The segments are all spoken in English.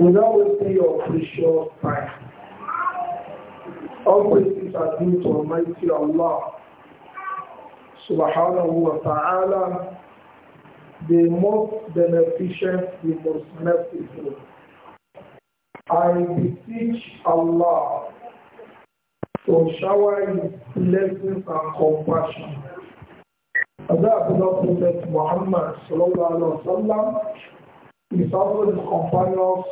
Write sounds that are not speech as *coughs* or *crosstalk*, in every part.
without wasting your precious time. All praises are due to Almighty Allah subhanahu wa ta'ala, the most beneficent, the most merciful. I beseech Allah to shower his blessings and compassion. Adabullah Prophet Muhammad sallallahu alayhi wa sallam, his other companions,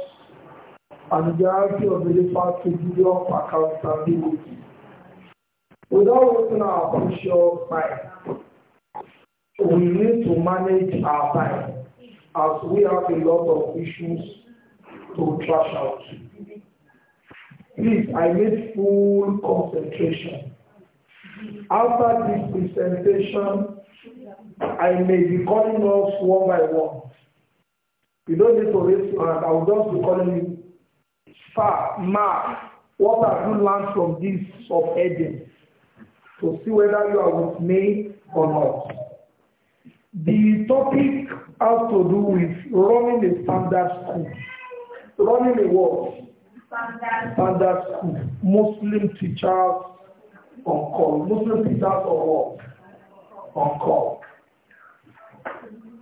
and guarantee of the part to give up accountability. Without working our official mind, we need to manage our time as we have a lot of issues to trash out. Please, I need full concentration. After this presentation, I may be calling us one by one. You don't need to raise your hand. I will just be calling you far, mark, what have you learned from this of Eden? To see whether you are with me or not. The topic has to do with running a standard school. Running a what? Standard, standard school. Muslim teachers on call. Muslim teachers on what? On call.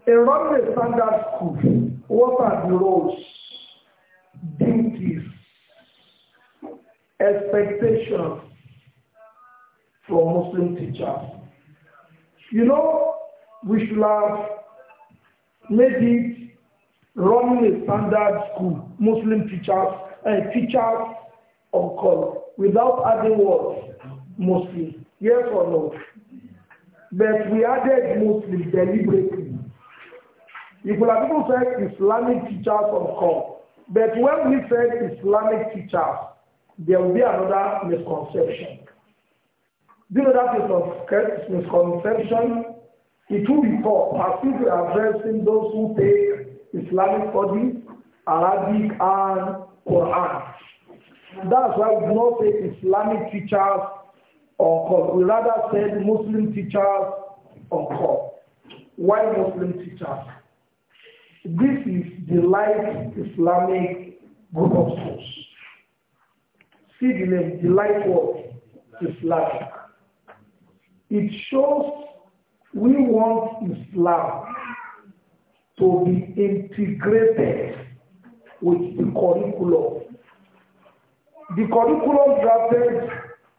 A running a standard school. What are the roles, duties, expectations from Muslim teachers. You know, we should have made it running a standard school, Muslim teachers, and eh, teachers on call, without adding words, Muslim. Yes or no? But we added Muslim deliberately. If we have people said Islamic teachers on call, but when we said Islamic teachers, there will be another misconception. Do you know that is of misconception? It will be for as if we are addressing those who take Islamic studies, Arabic and Quran. That's why we do not say Islamic teachers or call. We rather say Muslim teachers on call. Why Muslim teachers? This is the light Islamic group of schools. See the name, the light word Islam. It shows we want Islam to be integrated with the curriculum. The curriculum drafted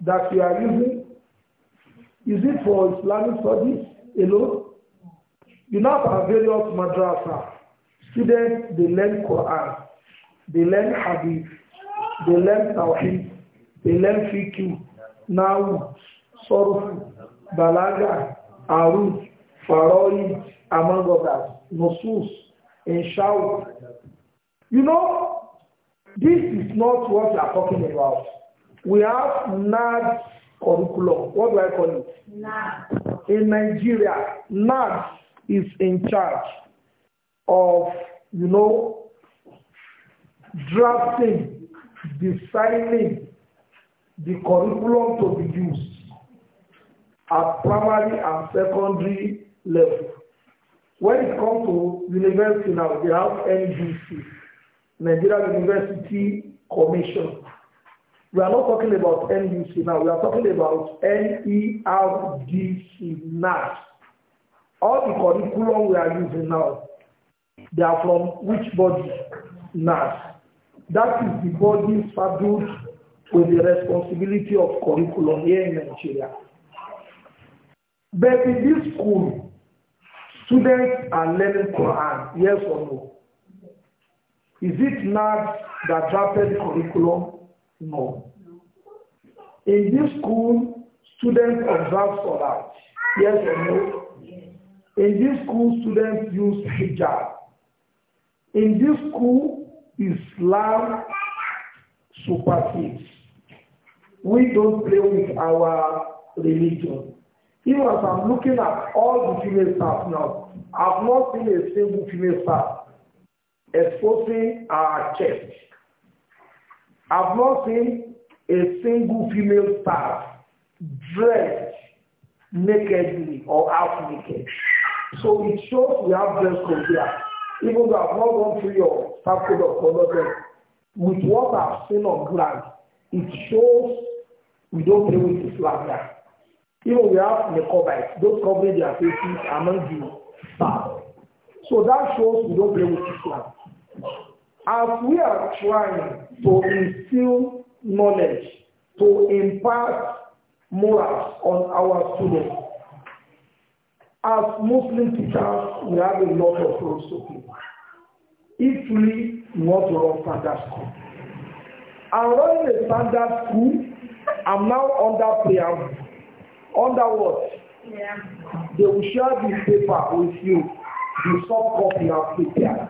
that we are using, is it for Islamic studies alone? You now have various madrasa, students, they learn Quran, they learn Hadith, they learn Tawheed, elẹ́fíkì náwù sọ́rùfù bàlágà àrùd fàrọ́yì among others nosus inshaw you know this is not what we are talking about we have NAD curriculum what do I call it NAD in Nigeria NAD is in charge of you know drafting designing the curriculum to be used at primary and secondary level. When it comes to university now, they have NGC, Nigeria University Commission. We are not talking about NUC now, we are talking about NERDC now. All the curriculum we are using now, they are from which body? NAS. That is the body's scheduled with the responsibility of curriculum here in Nigeria. But in this school, students are learning Quran, yes or no? Is it not the drafted curriculum? No. In this school, students observe Salat, yes or no? In this school, students use hijab. In this school, Islam supersedes. We don't play with our religion. Even as I'm looking at all the female staff now, I've not seen a single female staff exposing our chest. I've not seen a single female staff dressed nakedly or half naked. So it shows we have dress code here. Even though I've not gone through your staff code of conduct, with what I've seen on ground, it shows We don't play with Islam here. Even we have Nicobites, those covering their faces among the staff. So that shows we don't play with Islam. As we are trying to instill knowledge, to impart morals on our students, as Muslim teachers, we have a lot of roles to play. If we want to run standard school, and running a standard school I'm now under prayer. Under what? Yeah. They will share this paper with you, the soft copy of prepared.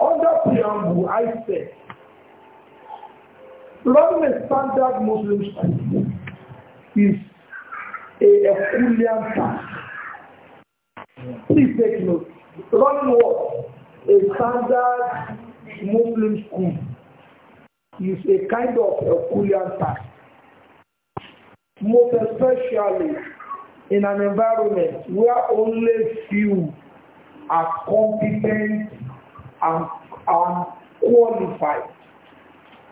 Under preamble, I said, running a standard Muslim school is a Herculean task. Please take note. Running what? A standard Muslim school is a kind of Herculean task most especially in an environment where only few are competent and, and qualified.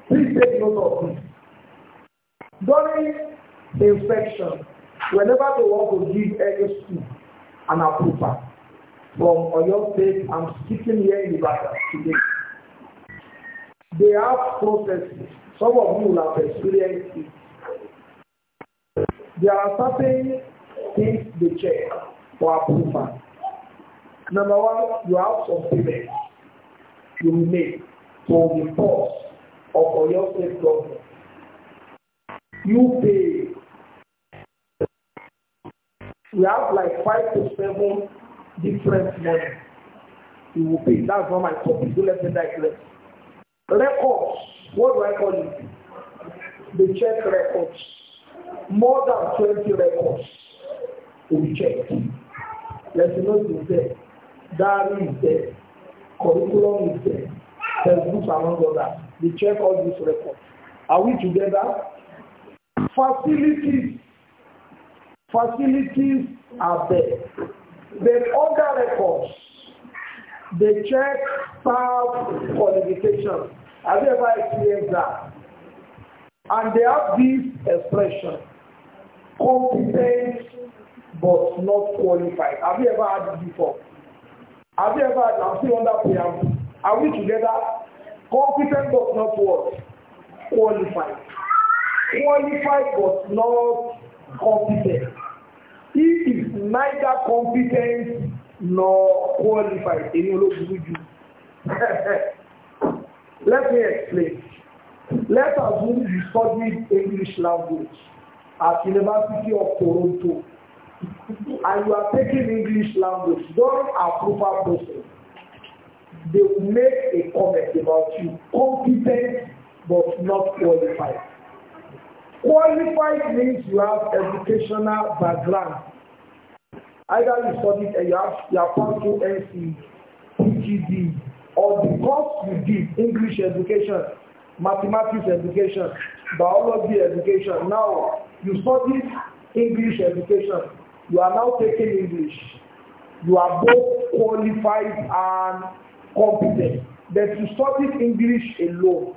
Please take note of this. During the inspection, whenever they want to give any school an approval from Oyo State, I'm speaking here in Ibadan today. They have processes. Some of you will have experienced it There are certain things they check for approval. Number one, you have some payments you make to the boss of your State government. You pay. We have like five to seven different money you will pay. That's not my topic. Don't let me digress. Records. What do I call it? They check records more than 20 records will be checked. Lesson notes is there, is there, curriculum is there, textbooks among others. We check all these records. Are we together? Facilities. Facilities are there. The other records, they check staff qualifications. Have you ever experienced that? And they have this expression competent but not qualified. Have you ever had it before? Have you ever had, I'm still under preamble. Are we together? Competent but not what? Qualified. Qualified but not competent. He is neither competent nor qualified. Èmi ló *laughs* Let me explain. Let us assume you studied English language at University of Toronto and you are taking English language during approval process, they will make a comment about you, competent but not qualified. Qualified means you have educational background. Either you studied and you have you have passed through NC, e, PGD, or the course you did, English education, mathematics education, biology education. Now You study English education. You are now taking English. You are both qualified and competent. But you study English alone.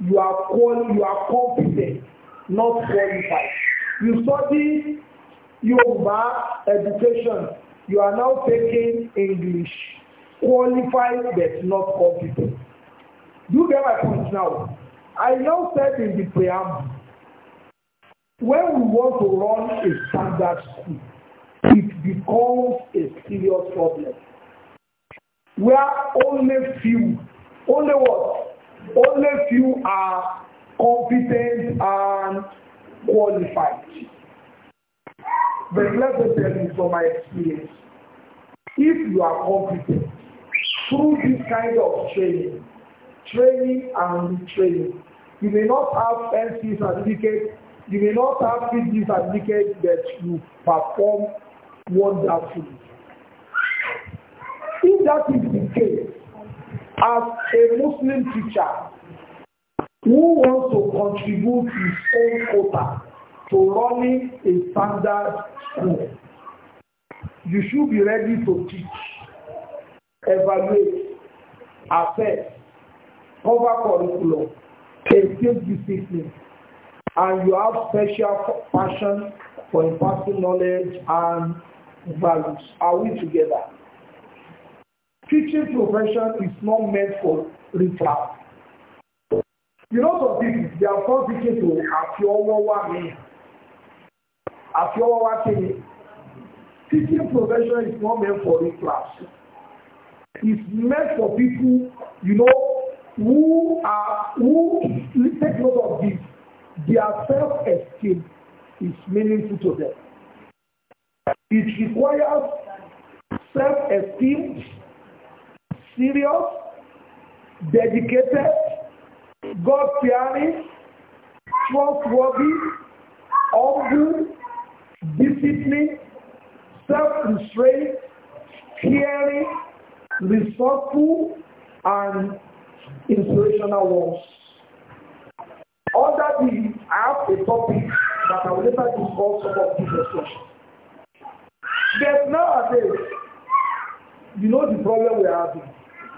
You are qual you are competent, not qualified. You studied Yoruba education. You are now taking English. Qualified but not competent. Do you get my point now? I now said in the preamble When we want to run a standard school, it becomes a serious problem. Where only few, only what? Only few are competent and qualified. But let me tell you from my experience, if you are competent through this kind of training, training and retraining, you may not have NC certificate You may not have this certificate that you perform wonderfully. If that is the case, as a Muslim teacher who wants to contribute his own quota to running a standard school, you should be ready to teach, evaluate, assess, cover curriculum, and take discipline and you have special passion for imparting knowledge and values. Are we together? Teaching profession is not meant for ritual. You know some people, they are called teaching to Afiowawa me. Afiowawa Kini. Teaching profession is not meant for class. It's meant for people, you know, who are, who take note of this. Their self-esteem is meaningful to them. It requires self-esteem, serious, dedicated, God-fearing, trustworthy, humble, disciplined, self-restraint, caring, resourceful, and inspirational ones. Under this, I have a topic that I will later discuss about of these expressions. But nowadays, you know the problem we are having.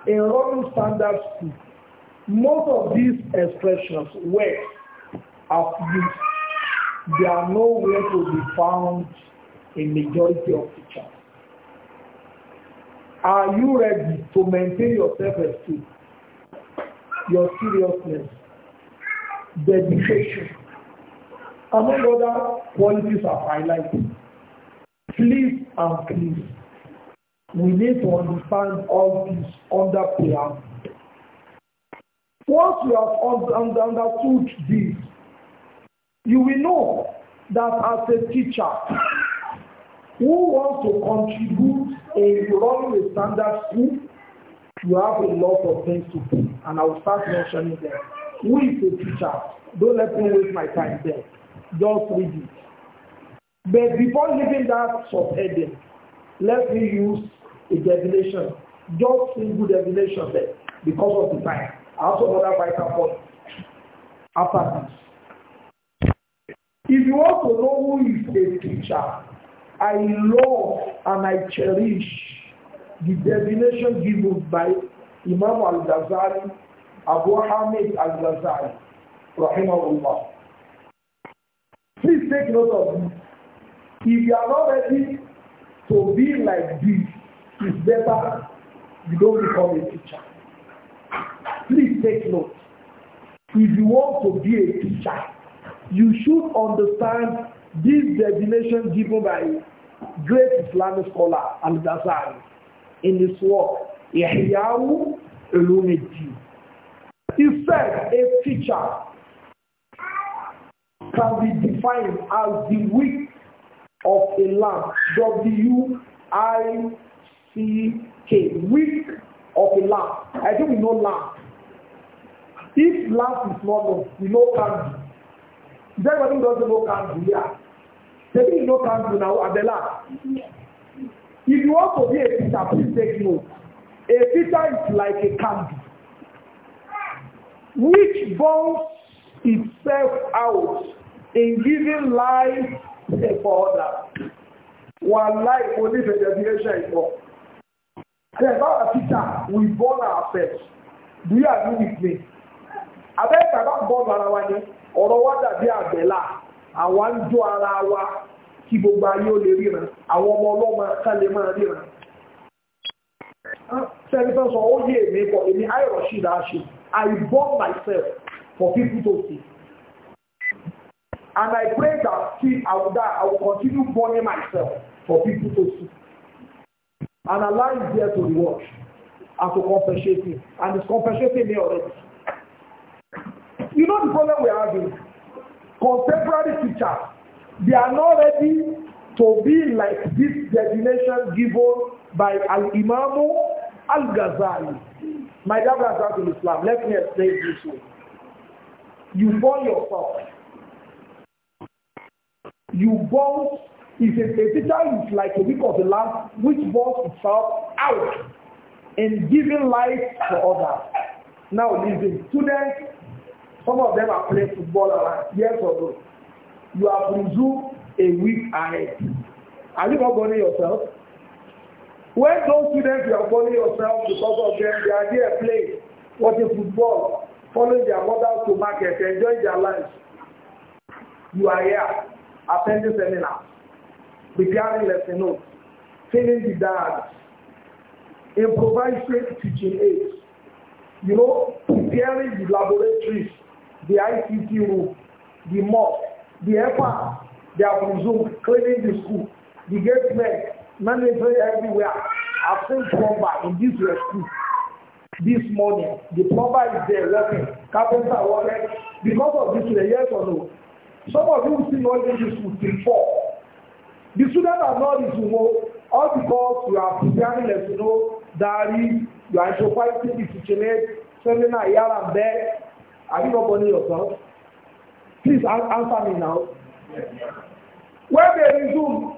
In Roman standard school, most of these expressions were are used. They are nowhere to be found in majority of teachers. Are you ready to maintain your self-esteem, your seriousness, dedication. Among other qualities I've highlighted, please and please, we need to understand all this under prayer. Once you have understood this, you will know that as a teacher who wants to contribute in running a standard school, you have a lot of things to do, and I will start mentioning them. Who is a teacher? Don't let me waste my time there. Just read it. But before leaving that subheading, let me use a definition. Just single definition there because of the time. I also another vital point after this. If you want to know who is a teacher, I love and I cherish the definition given by Imam Al-Ghazali Abu Hamid al-Ghazali rahimahullah. Please take note of this. If you are not ready to be like this, it's better you don't become a teacher. Please take note. If you want to be a teacher, you should understand this definition given by great Islamic scholar Al-Ghazali in his work, Ihyawu Ulumuddin. He said a teacher can be defined as the wick of a lamp. W-I-C-K. Wick of a lamp. I think we know lamp. If lamp is not known, we know candle. Is everybody who doesn't know candle? Yeah. Maybe you know candle now at the lamp. If you want to be a teacher, please take note. A teacher is like a candle. which burns itself out in giving life for others. One life only for the generation is born. Therefore, teacher, we born ourselves. Do you agree with me? Abẹ́ bàbá ń ara wa ni ọ̀rọ̀ wa dàbí àbẹ̀là ara ọmọ ọlọ́mọ ká lè máa sọ I burn myself for people to see. And I pray that see, I will die. I will continue burning myself for people to see. And Allah is there to reward and to compensate me. And it's compensating me already. You know the problem we are having? Contemporary teachers, they are not ready to be like this designation given by Al-Imam Al-Ghazali. My dear brothers in Islam, let me explain this way. You burn yourself. You burn is a, a is like a week of the lamb which burns itself out in giving life to others. Now listen, students, some of them are playing football around, yes or no. You have presumed a week ahead. Are you not burning yourself? When those students were bullying yourself because of them, they are there playing, watching football, following their mothers to market, enjoying their lives. You are here, attending seminars, preparing lesson notes, filling the diaries, improvising teaching aids, you know, preparing the laboratories, the ICT room, the mosque, the airport, they are presumed, cleaning the school, the gate men, mandatory everywhere. I've seen plumber in this rescue this morning. The plumber is there working, carpenter working. Because of this, yes or no? Some of you still not in this school till four. The students are not this remote, all because you are preparing them to know diary, you are improvising the situation, sending a here and there. Are you not burning yourself? Please answer me now. When they resume,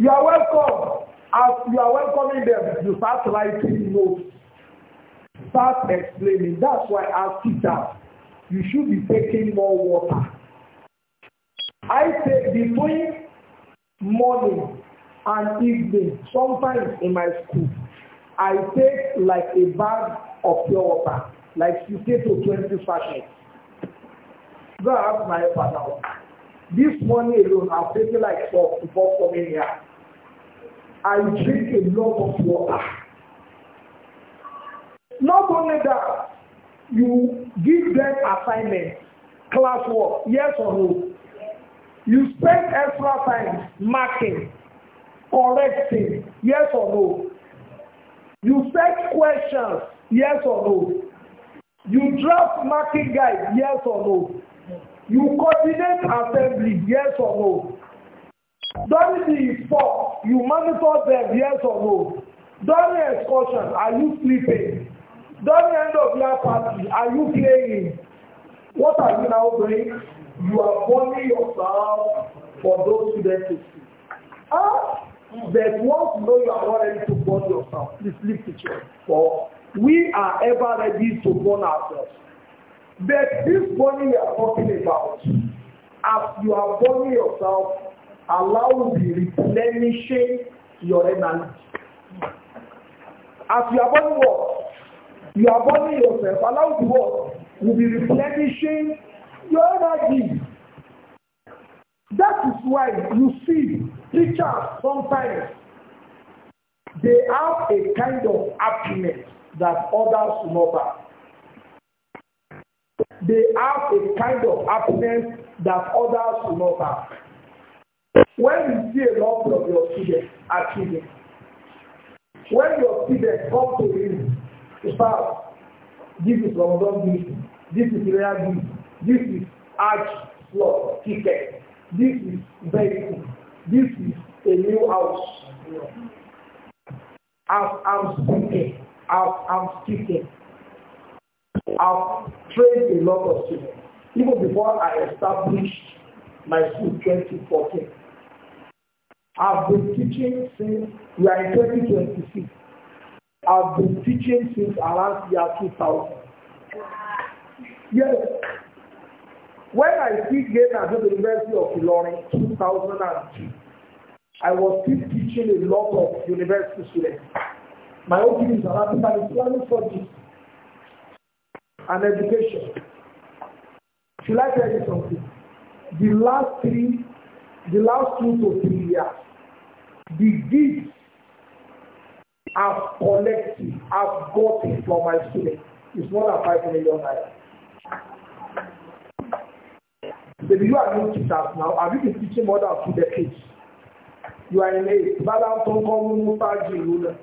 You are welcome. As you are welcoming them, you start writing notes. Start explaining. That's why as teacher, you should be taking more water. I say between morning and evening, sometimes in my school, I take like a bag of pure water, like 15 to 20 sachets. Go ask my father. This morning alone, I've taken like four to four coming here. I drink a lot of water. Not only that, you give them assignments, classwork, yes or no. You spend extra time marking, correcting, yes or no. You set questions, yes or no. You draft marking guide, yes or no. You coordinate assembly, yes or no. During the sport, you monitor them, yes or no. During excursion, are you sleeping? During end of year party, are you playing? What are you now doing? You are warning yourself for those students to see. Ah, that once you know you are not ready to burn yourself, please leave the teacher. For we are ever ready to burn ourselves. But this burning we are talking about, as you are burning yourself, Allah will replenishing your energy. As you are burning what? You are burning yourself. Allah the be what? Will be replenishing your energy. That is why you see teachers sometimes they have a kind of happiness that others do not have. They have a kind of happiness that others do not have. When you see a lot of your students achieving, when your students come to you, start, this is Ramadan gift, this is Raya gift, this is Hajj slot ticket, this is vehicle, this is a new house. As I'm speaking, as I'm speaking, I've trained a lot of students. Even before I established my school 2014, I've been teaching since we are in 2026. I've been teaching since around year 2000. Yes. When I did get at the University of Ilorin 2002, I was still teaching a lot of university students. My own thing is Arabic and Islamic subjects and education. Should I tell you something? The last three, the last two to three years, The gifts I've collected, I've gotten for my students It's more than five million naira. Baby, you are new teachers now. Have you been teaching more than two decades? You are in a balance on common ruler.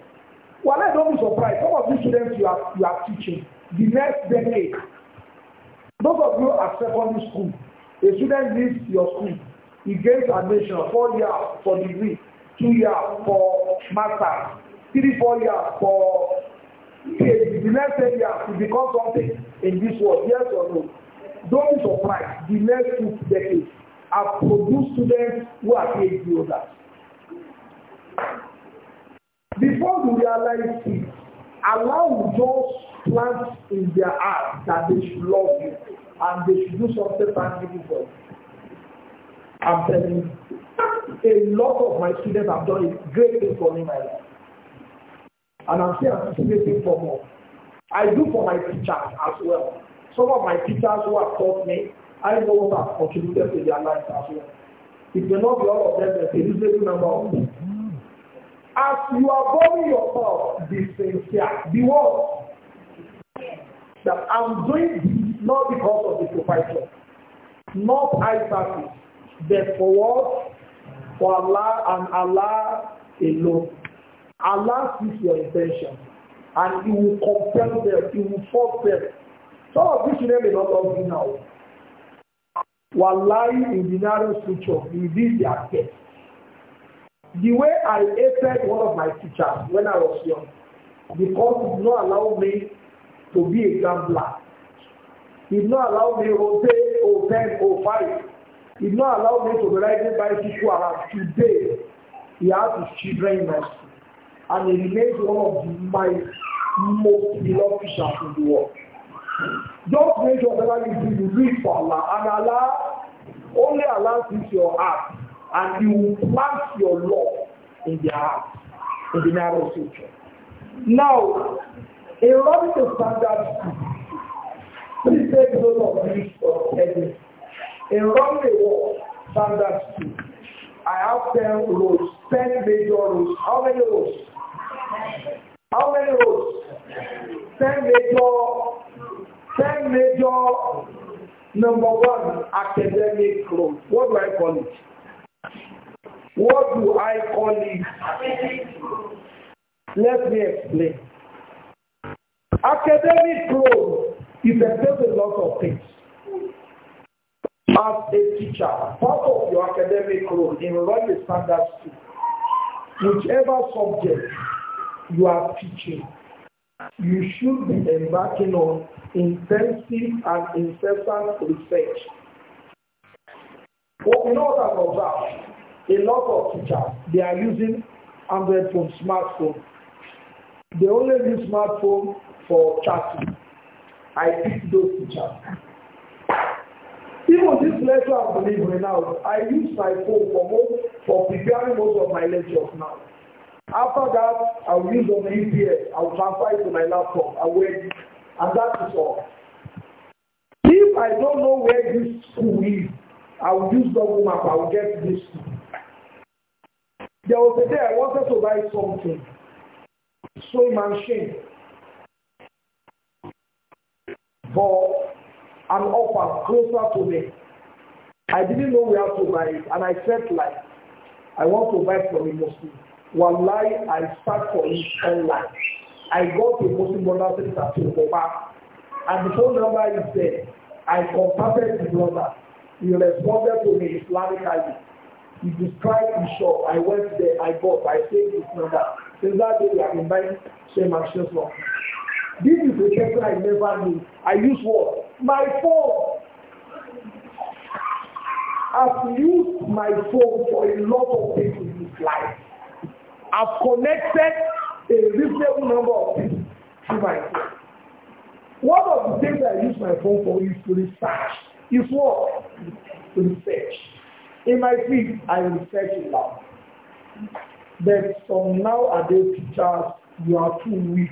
Well, I don't be surprised. Some of these students you are you are teaching the next decade. Those of you at secondary school, a student leaves your school, he gains admission four years for degree two years for master three four years for PhD the next ten years to become something in this world yes or no don't be surprised the next two decades have produce students who are PhD holders before we realize it allow will just plant in their heart that they should love you and they should do something tangible for you. I'm telling you. A lot of my students have done a great thing for me in my life. And I'm still anticipating for more. I do for my teachers as well. Some of my teachers who have taught me, I know what have contributed to their lives as well. If they're not be all of them, but a reasonable number of them. As you are burning yourself, be sincere. Be what? That I'm doing this not because of the proprietor, not eye service, but for what? For Allah and Allah alone. Allah sees your intention and he will compel them, he will force them. Some of these children may not love you now. While lying in the narrow future, you did their best. The way I hated one of my teachers when I was young, because he did not allow me to be a gambler. He did not allow me to say or 10, or 5. He did not allow me to be riding bicycle around today. He has his children in my school. And he remains one of my most beloved fishers in the world. Just make sure that you do, you read for Allah. And Allah only allows this your heart. And He will plant your love in their heart in the narrow future. Now, in order to standard school, please take note of this of everything. In runway walk, standard too. I have them rows, 10 major rows. How many rows? How many rows? 10 major, 10 major, number one, academic rows. What do I call it? What do I call it? Let me explain. Academic rows is expressed a lot of things. As a teacher, part of your academic role in running a standard school, whichever subject you are teaching, you should be embarking on intensive and incessant research. What we know that observed, a lot of teachers, they are using Android phone, smartphone. They only use smartphone for chatting. I teach those teachers. Even this lecture I'm delivering now, I use my phone for most, for preparing most of my lectures now. After that, I will use on the EPS, I will transfer it to my laptop, I will, and that is all. If I don't know where this school is, I will use Google Map, I will get this school. There was a day I wanted to buy something, sewing machine, but an offer closer to me. I didn't know where to buy it, and I said like I want to buy from a Muslim. Wallahi, I start for it online. I got a Muslim brother center to Obama, and the phone number is there. I contacted the brother. He responded to me Islamically. He described the shop. I went there, I bought, I saved his number. Since that day, I have been buying same actions from This is a person I never knew. I use what? my phone. I've used my phone for a lot of things in this life. I've connected a reasonable number of things to my phone. One of the things I use my phone for is to research. Is what? Research. In my field, I research a lot. But some nowadays teachers, you are too weak.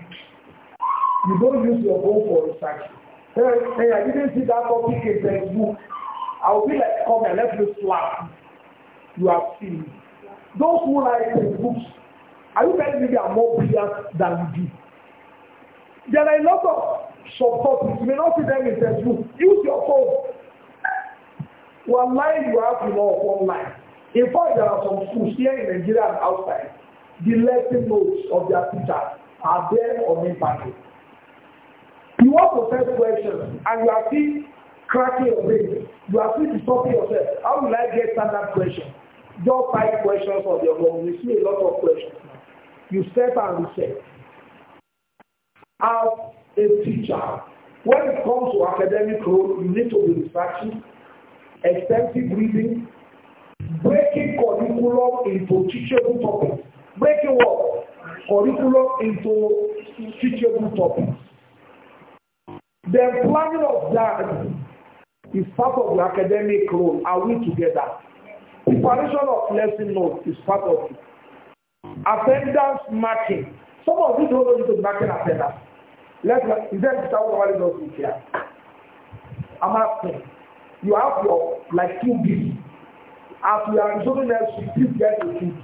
You don't use your phone for research. Hey, I didn't see that topic in the book. I be like, come and let me slap. You have seen. Those who like the books, are you telling me they are more brilliant than you? There are a lot of subtopics. You may not see them in the Use your phone. Online, you have the law of online. In fact, there are some schools here in Nigeria and outside. The lesson notes of their teachers are there on internet. You want to test questions and you are still cracking your brain. You are still stopping yourself. How will I get standard question. Just five questions of your own. We see a lot of questions now. You step and reset. As a teacher, when it comes to academic role, you need to be distracted, extensive reading, breaking curriculum into teachable topics. Breaking what? Curriculum into teachable topics. The planning of that is part of the academic role. Are we together? Preparation of lesson notes is part of it. Attendance marking. Some of you don't know you to marking attendance. Let's is that somebody doesn't care. I'm asking. You have your like two gifts. As we are resolving next week, please get the two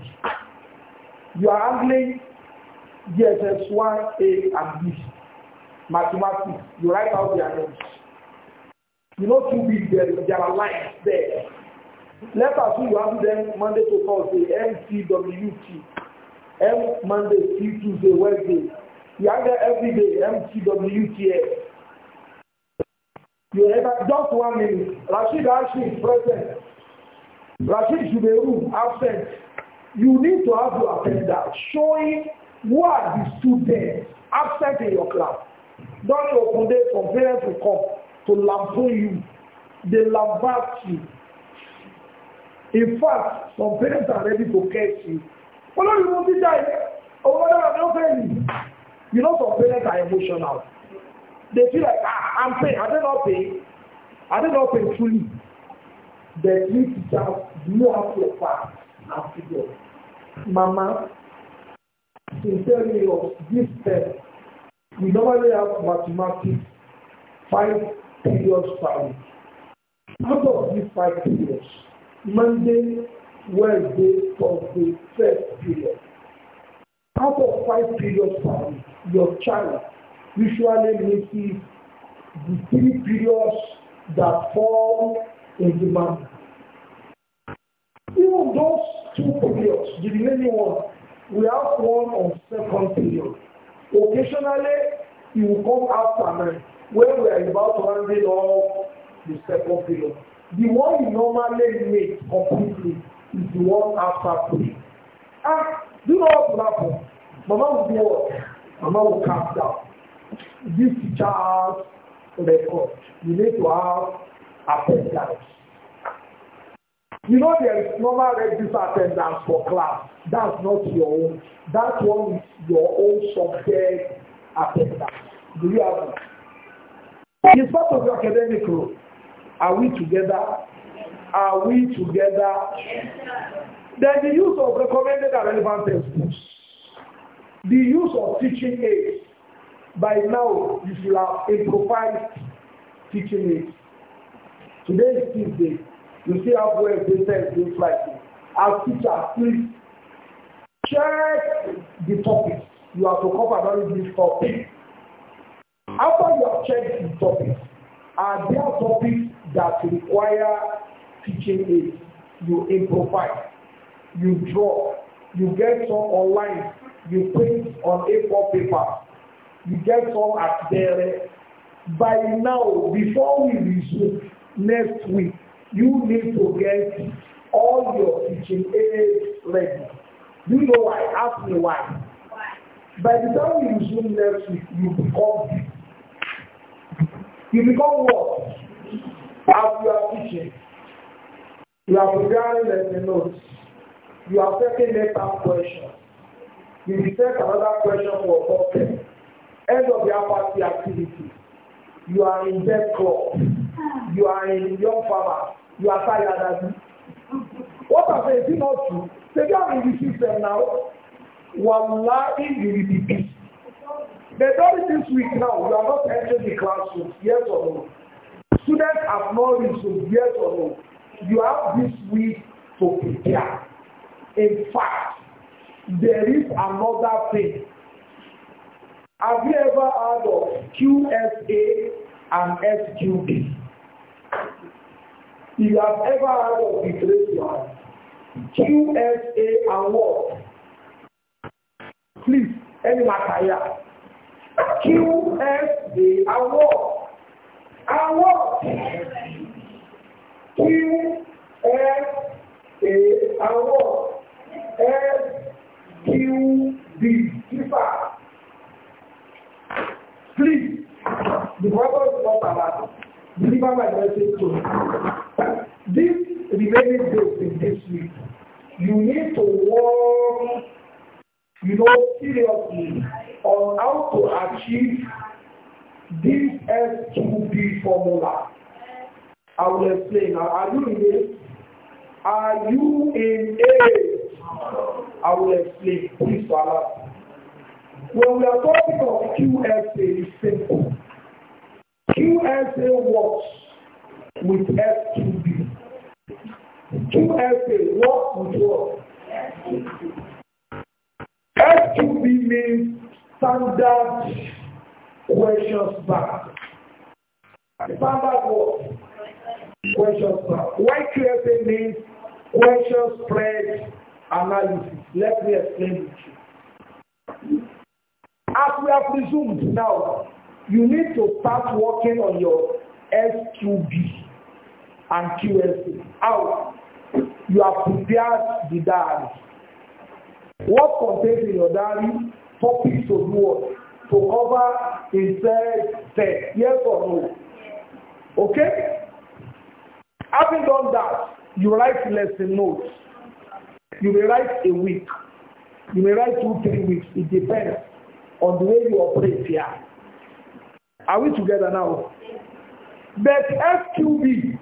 You are handling GSS 1A and B mathematics, you write out their names. You know, two big there, there are lines there. Let us see, you have them Monday to Thursday, MCWT, M Monday, T Tuesday, Wednesday. You have them every day, MCWTS. You have just one minute. Rashid Ashi is present. Rashid Juberu absent. You need to have your attendance showing who are the students absent in your class. During open days, some parents will come to lampoon you. They lambast you. In fact, some parents are ready to catch you. Olórí mo ti dá ẹ, ọmọ náà ló fẹ́ yìí. You know some parents are emotional. They feel like, ah, I'm paying, are they not paying? Are they not paying fully? The new teachers know have to pass and figure. Mama, sincerely, of this step We normally have mathematics, five periods per week. Out of these five periods, Monday, Wednesday, Thursday, first period. Out of five periods per week, your child usually misses the three periods that fall in the month. Even those two periods, the remaining one, we have one on second period. Occasionally, he will come after me when we are about to handle all the second pillar. The one he normally makes completely is the one after three. Ah, do you know what will happen? Mama will do what? Mama will calm down. This child's record, you need to have a pet guide. You know there is normal register attendance for class. That's not your own. That one is your own subject attendance. Do you have it? It's part of your academic role. Are we together? Are we together? Then the use of recommended and relevant textbooks. The use of teaching aids. By now, you should have improvised teaching aids. Today is Tuesday. You see how well they said things like As teacher, please check the topics. You have to cover not this topic. After you have checked the topics, are there topics that require teaching aids? You improvise, you draw, you get some online, you print on A4 paper, you get some at there. By now, before we resume next week, you need to get all your teaching aids ready. You know why? Ask me why. why? By the time you zoom next week, you become you become what? As you are teaching. You are preparing lesson notes. You are taking next questions. You will take another question for a topic. End of the party activity. You are in debt club. You are in young farmers you are tired as me. What I say been not to? They don't really see them now. Wallahi, you will be peace. They done it this week now. You are not entering the classroom yes or no. Students have not resumed, yes or no. You have this week to prepare. In fact, there is another thing. Have you ever heard of QSA and SQB? You have ever heard of the great one, QSA Award. Please, any Makaya. QSA Award. Award. QSA Award. SQB. Please, the Bible is not allowed deliver my message to you. This remaining days in this week, you need to work, you know, seriously on how to achieve this S2B formula. I will explain. Are you in A? Are you in A? I will explain. Please, follow. When we are talking of QSA, it's simple. QSA works with F2B. QSA works with what? F2B means standard questions back. Standard what? Questions back. Why QSA means question spread analysis. Let me explain it to you. As we have presumed now, you need to start working on your S2B and QSA. How? You have prepared the diary. What contains in your diary? Topics to do what? To cover inside. test. Yes or no? Okay? Having done that, you write lesson notes. You may write a week. You may write two, three weeks. It depends on the way you operate here. Are we together now? But FQB,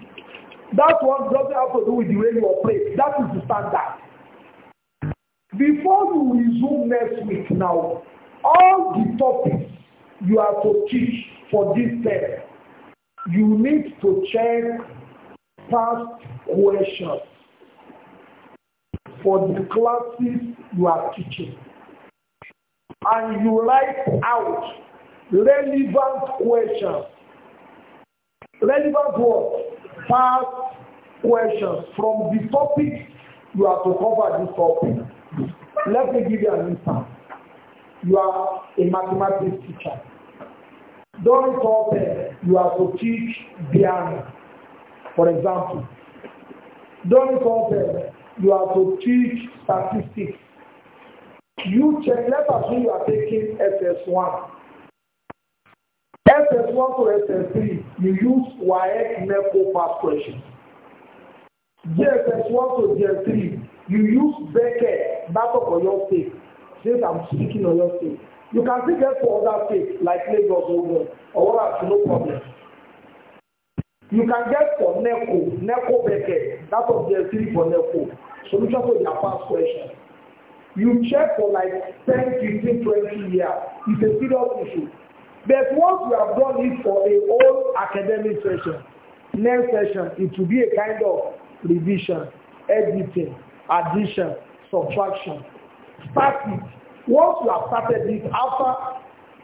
that one doesn't have to do with the way you operate. That is the standard. Before you resume next week now, all the topics you are to teach for this term, you need to check past questions for the classes you are teaching. And you write out relevant questions. Relevant what? Past questions from the topic you are to cover this topic. Let me give you an example. You are a mathematics teacher. During topic, you are to teach piano, for example. During topic, you are to teach statistics. You check, let us you are taking SS1 SS1 to SS3, you use WAEC NEPO pass question. GSS1 to GS3, you use Beckett, that of your State. Since I'm speaking on your State. You can still get for other states like Lagos Ogun or what have no problem. You can get for NECO, NECO Beckett, that of GS3 for NECO. Solution to their past question. You check for like 10, 15, 20 years. It's a serious issue. But once you have done it for a whole academic session, next session, it will be a kind of revision, editing, addition, subtraction. Start it. Once you have started it, after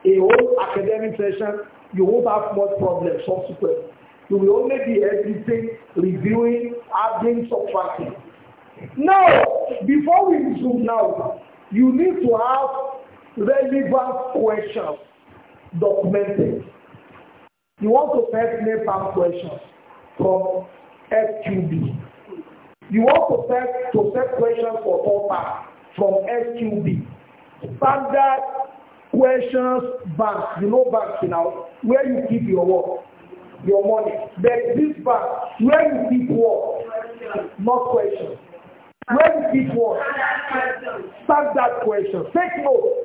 a whole academic session, you won't have much problem subsequent. You will only be editing, reviewing, adding, subtracting. Now, before we resume now, you need to have relevant questions documented. You want to first name some questions from SQB. You want to set to set questions for OPA from SQB. Standard questions bank, you know bank now, where you keep your work, your money. But this bank, where you keep work, not questions. Where you keep work? Standard questions. Take note.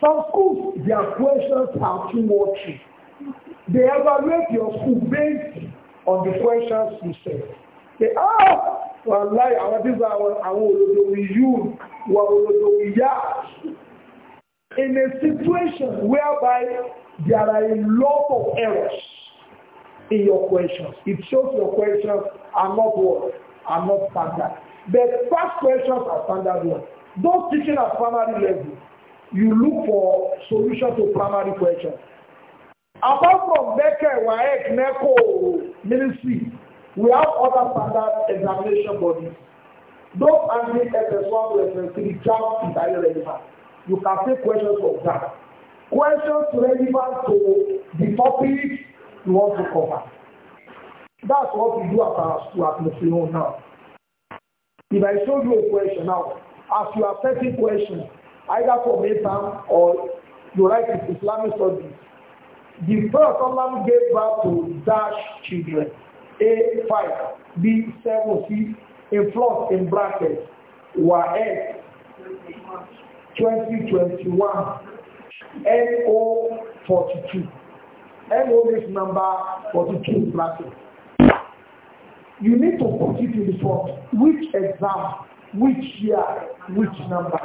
Some schools, their questions are too much. They evaluate your school based on the questions you say. They are, well, like, our, this our, our Olodowi you, our Olodowi ya. In a situation whereby there are a lot of errors in your questions. It shows your questions are not what? Are not standard. The first questions are standard ones. Those teaching at primary level, you look for solution to primary question. Apart from Becker, WAEC, NECO, Ministry, we have other standard examination bodies. Those answering SS1 to SS3 jump entirely relevant. You can take questions from that. Questions relevant to the topic you want to cover. That's what we do at our school at Muslim now. If I show you a question now, as you are setting questions, either from Islam or you write it Islamic studies. The first Allah gave birth to dash children, a five, b seven, C, in plus in brackets, were X, 2021, NO42. NO is number 42 bracket. You need to put it in the front. Which exam, which year, which number.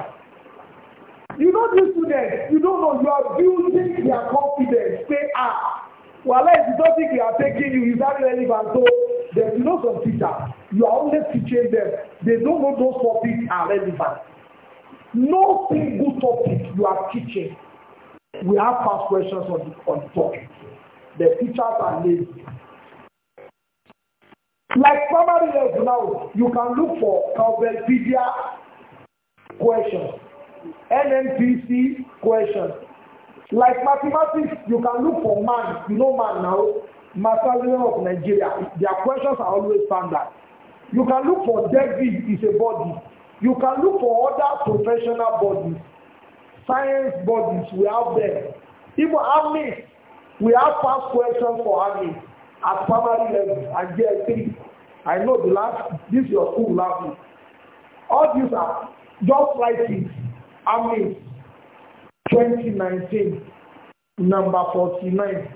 You know these students, you don't know, you are building their confidence. Say, ah, well, if you don't think they are taking you, is that relevant? So there's you know some teacher you are always teaching them. They don't know those topics are relevant. No single topic you are teaching. We have past questions on the, on the topic. The teachers are lazy. Like primary level now, you can look for Calvin questions NNPC question. Like mathematics, you can look for man, you know man now, Massacre of Nigeria. Their questions are always standard. You can look for David is a body. You can look for other professional bodies. Science bodies, we have them. Even army, we have past questions for army at primary level and year three. I know the last, this your school last week. All these are just like it. Amin, 2019, number 49.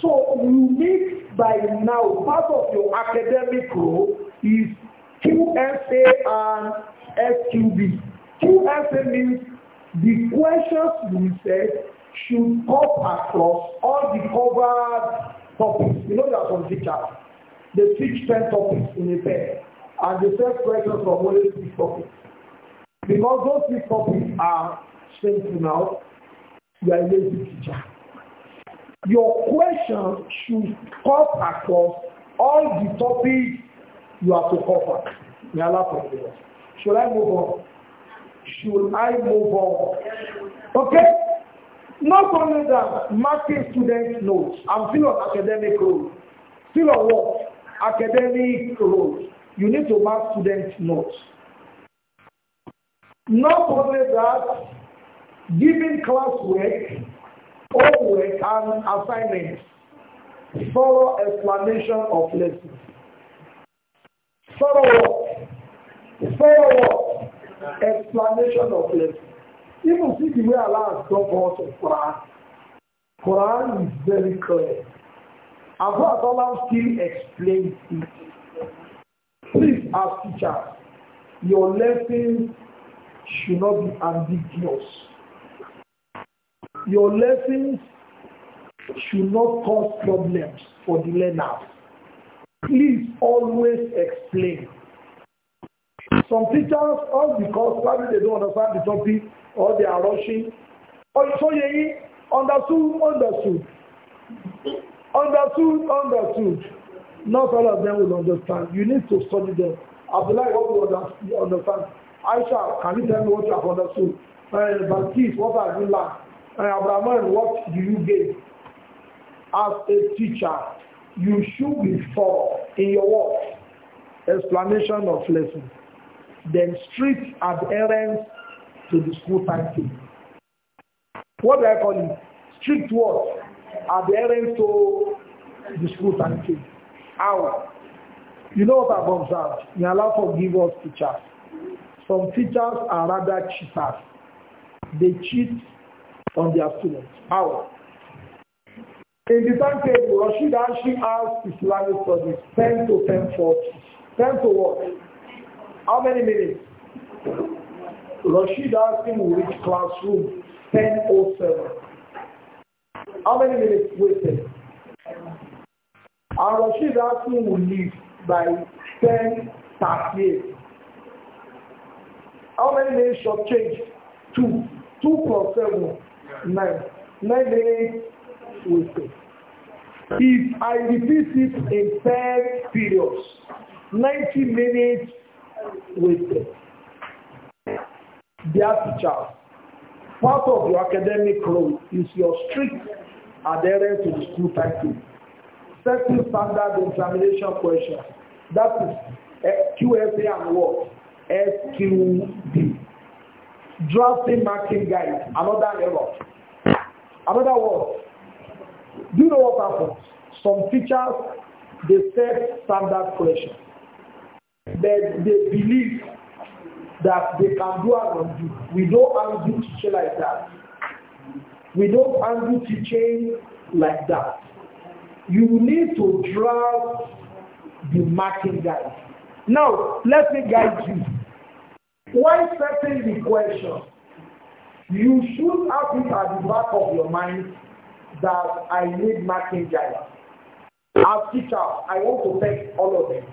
So you need by now, part of your academic role is QSA and SQB. QSA means the questions you said should come across all the covered topics. You know there are some teachers. They teach 10 topics in a pair, and they set questions from only 6 topics. Because those three topics are shameful now. You are a lazy teacher. Your question should cut across all the topics you have to cover. May Allah forgive us. Should I move on? Should I move on? Okay? Not only that, marking student notes. I'm still on academic road. Still on what? Academic road. You need to mark student notes. Not only that, giving classwork, homework, and assignments, thorough explanation of lessons. Thorough, thorough explanation of lessons. Even see the way Allah has done for us in Quran. Quran is very clear. And what Allah still explains it. Please, as teachers, your lessons should not be ambiguous. Your lessons should not cause problems for the learners. Please always explain. Some teachers, all because probably they don't understand the topic or they are rushing. Or oh, so you understood, understood. Understood, understood. Not all of them will understand. You need to study them. Abdullah, what you understand? Aisha, can you tell me what you have understood? Uh, Balkis, what have you learned? Uh, Abraham, what do you gain? As a teacher, you should be thorough in your work. Explanation of lesson. Then strict adherence to the school timetable. What do I call it? Strict what? Adherence to the school timetable. How? You know what I've observed? May Allah forgive us teachers Some teachers are rather cheaters. They cheat on their students. How? In the timetable, Rashida, she has Islamic studies 10 to 10.40. 10 to what? How many minutes? Rashida Hassan will reach classroom 10.07. How many minutes wasted? And Rashida Hassan will leave by 10.38. How many names shall change? Two. Two plus seven, nine. Nine names will stay. If I repeat it in ten periods, ninety minutes wasted. Dear teacher, part of your academic role is your strict adherence to the school timetable. Setting standard examination questions, that is eh, QSA and what? SQD. Drafting marking guide, another error. Another word. Do you know what happens? Some teachers, they set standard questions. They, they believe that they can do and undo. We don't undo teaching like that. We don't undo teaching like that. You need to draft the marking guide. Now, let me guide you. When setting the question, you should have it at the back of your mind that I need marking guidance. As teacher, I want to thank all of them.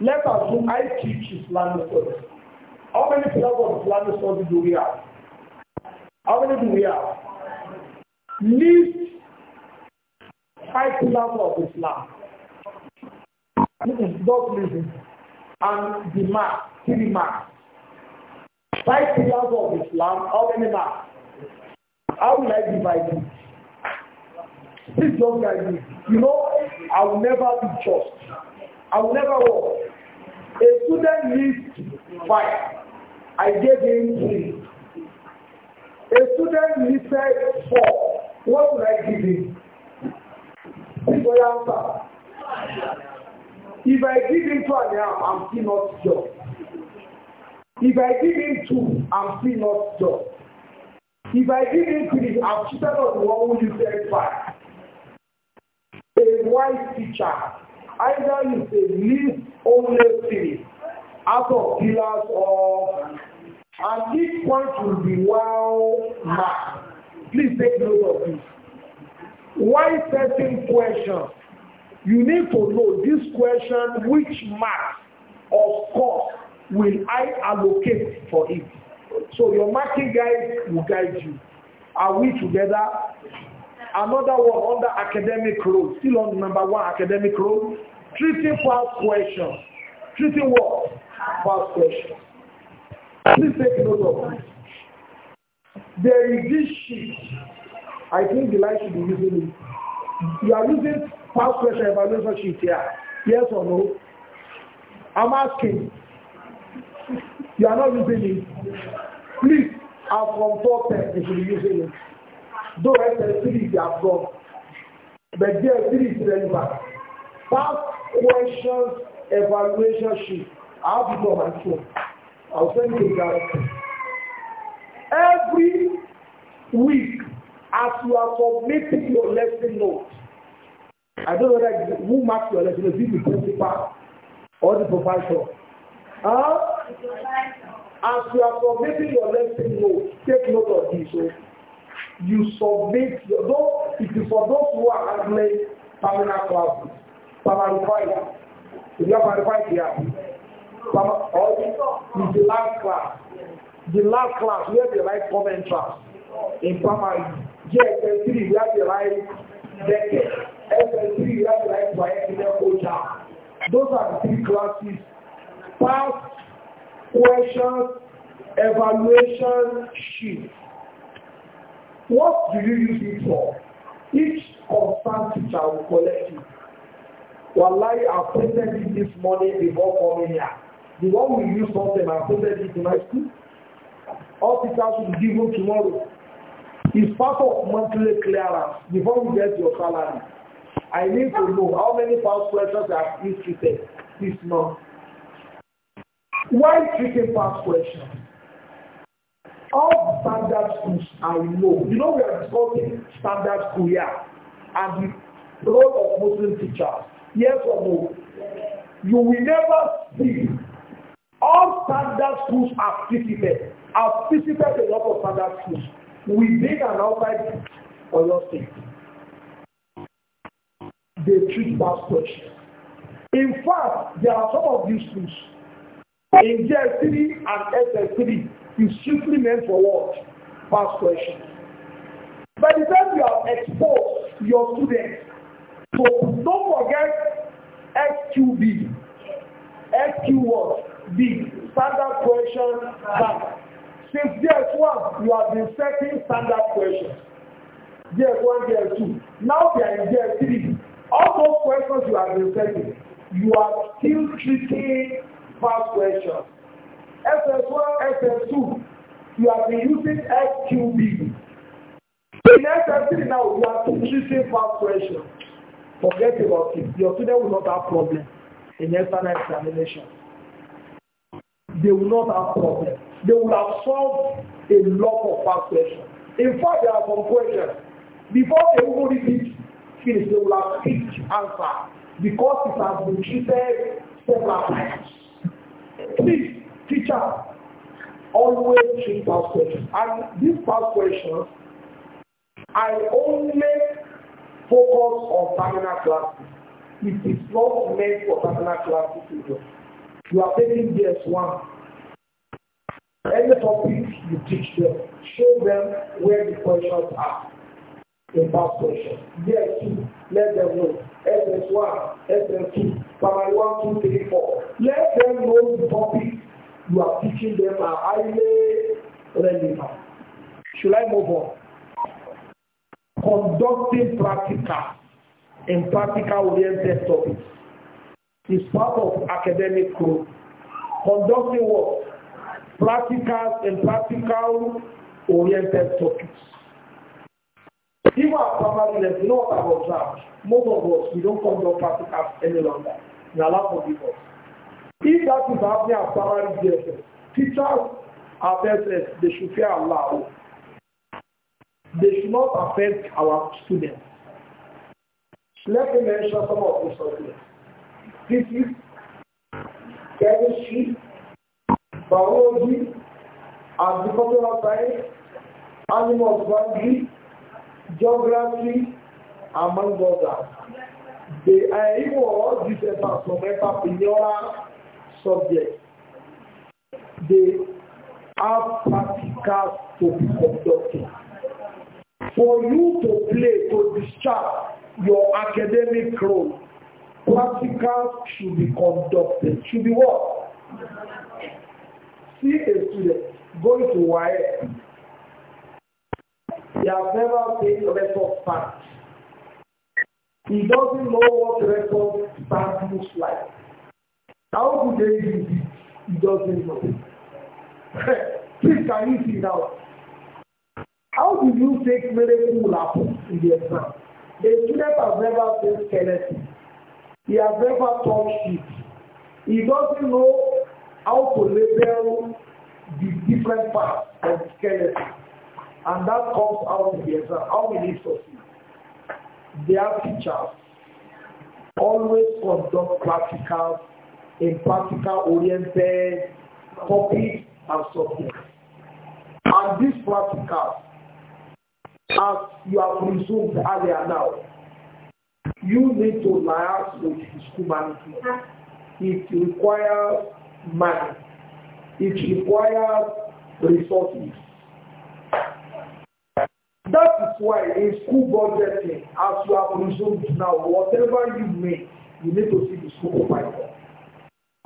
Let us assume I teach Islamic studies. How many pillars of Islamic studies do we have? How many do we have? List five pillars of Islam. Don't listen and the mark, three mark. Five pillars of Islam, how many marks? How will I divide it? Please don't guide me. You know, I will never be just. I will never walk. A student needs five. I gave him three. A student needed four. What will I give him? Please answer. If I give him two and a half, I'm still not sure. If I give him two, I'm still not sure. If I give him three, I'm cheated on the one who said five. A wise teacher, either is a least only spirit out of pillars or. and each point will be well marked. Please take note of this. Why certain questions You need to know this question, which mark of course will I allocate for it? So your marking guide will guide you. Are we together? Another one under academic role, still on number one academic role, treating past questions. Treating what? Past questions. Please take note of this. There is this sheet. I think the light should be using it. You are using past pressure evaluation sheet here? Yes or no? I'm asking. You are not using it. Please, I'm from four ten, you should be using it. Though SL3 they have gone, but DL3 is relevant. Past questions evaluation sheet. I have it on my phone. I'll send you directly. Every week, as you are submitting your lesson notes, I don't know that who marks your election, Is it the principal or the professor. Huh? As you are submitting your lesson note, take note of this. So oh. you submit, though it is for those who are handling terminal classes, Pamarified. If you are Pamarified here, Pamar or is the last class. The last class, where the right common trust in primary. Yes, three, where the right Beckett, SSC, Iraq, Life, Bayek, OJA. Those are the three classes. Past questions, evaluation sheet. What do you use it for? Each concerned teacher will collect it. While I have presented it this morning before coming here. The one we use something I presented it in my school. All teachers will be given tomorrow. It's part of monthly clearance. Before you get your salary, I need to know how many past questions have you treated this month. Why treating past questions? All standard schools are low. You know we are discussing standard school here and the role of Muslim teachers. Yes or no? You will never see all standard schools are visited. I've visited a lot of standard schools. We an and outside your State. They treat pastors. In fact, there are some of these things In JS3 and SS3 is strictly meant for what? Past questions. By the time you have exposed your students, so don't forget SQB, sq what? B. Standard question. Bank. Since year one, you have been setting standard questions. Year one, year two. Now they are in year three. All those questions you have been setting, you are still treating past questions. SS1, SS2, you have been using SQB. In SS3 now, you are still treating past questions. Forget about it. Your student will not have problem in external examination. They will not have problem they would have solved a lot of past questions. In fact, there are some questions. Before they even repeat, finish, they will have each answer because it has been treated several times. Please, teacher, always treat past questions. And these past questions, I only focus on terminal classes. It is not meant for terminal classes. You are taking ds one. Any topic you teach them, show them where the questions are in past questions. Yes, two, let them know. SS1, SS2, primary 1, 2, 3, 4. Let them know the topic you are teaching them are highly relevant. Should I move on? Conducting practical in practical-oriented topics is part of academic growth. Conducting what? practical and practical oriented topics. Even at primary level, you know what I've observed? Most of us, we don't conduct practical any longer. We allow for divorce. If that is happening at primary DSS, teachers at SS, they should fear Allah. They should not affect our students. Let me mention some of these subjects. Physics, chemistry, biology, agricultural science, animal husbandry, geography, among others. They are even all these efforts from entrepreneurial subjects. They have practicals to be conducted. For you to play, to discharge your academic role, practicals should be conducted. Should be what? see a student going to WAEC, he has never paid record stamp. He doesn't know what record stamp looks like. How do they do it? He doesn't know. *laughs* Please, can you see now? How do you take miracle happen in the exam? The student has never seen skeleton. He has never touched it. He doesn't know how to label the different parts of the skeleton. And that comes out in the exam. How many sources? Their teachers always conduct practicals in practical-oriented topics and subjects. And these practicals, as you have presumed earlier now, you need to liaise with humanity. It requires money. It requires resources. That is why in school budgeting, as you have resumed now, whatever you make, you need to see the school provider.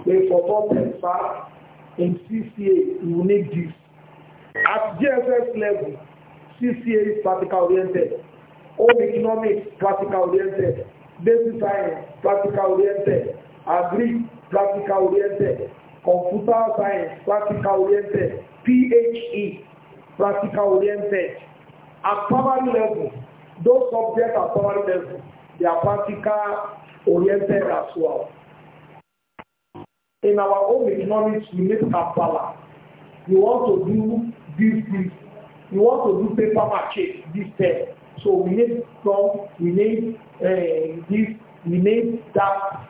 They for that and in CCA, you need this. At GSS level, CCA is practical oriented. Home economics, practical oriented. Basic science, practical oriented. Agri, practical oriented computer science practical oriented PHE practical oriented at primary level those subjects at primary level they are practical oriented as well. In our own economics we need kampala We want to do this this you want to do paper mache this term so we need some we need uh, this we need that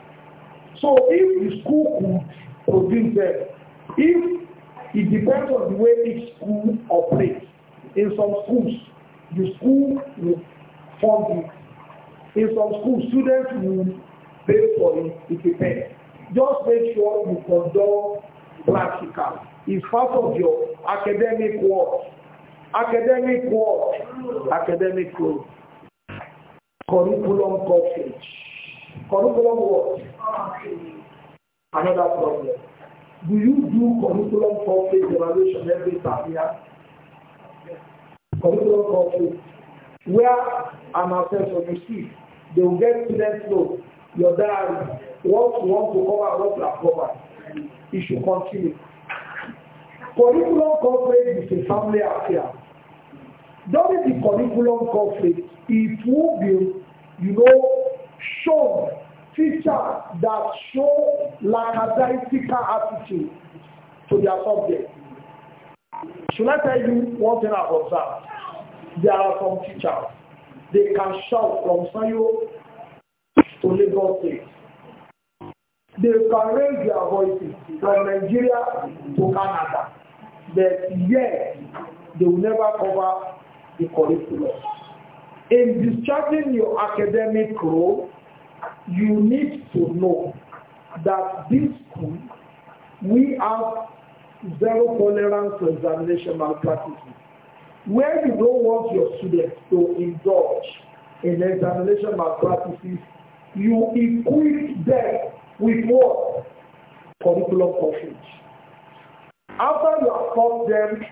so if the school could produce them. If it depends on the way each school operates. In some schools, the school will fund it. In some schools, students will pay for it. It depends. Just make sure you conduct practical. It's part of your academic work. Academic work. Academic work. Curriculum coverage. Curriculum work another problem. Do you do curriculum conflict evaluation every time? Yeah? Curriculum conflict. Where an assessor you see, they will get students notes, your diary, what you want to cover, what you have covered. It should continue. Curriculum conflict is a family affair. During the curriculum conflict, it will be, you know, shown teachers that show lackadaisical attitude to their subject. Should I tell you one thing I've observed? There are some teachers. They can shout from Sanyo to Lagos State. They can raise their voices from Nigeria to Canada. But yet, they will never cover the curriculum. In discharging your academic role, you need to know that this school, we have zero tolerance for examination malpractices. Where you don't want your students to indulge in examination malpractices, you equip them with what? Curriculum coverage. After you have taught them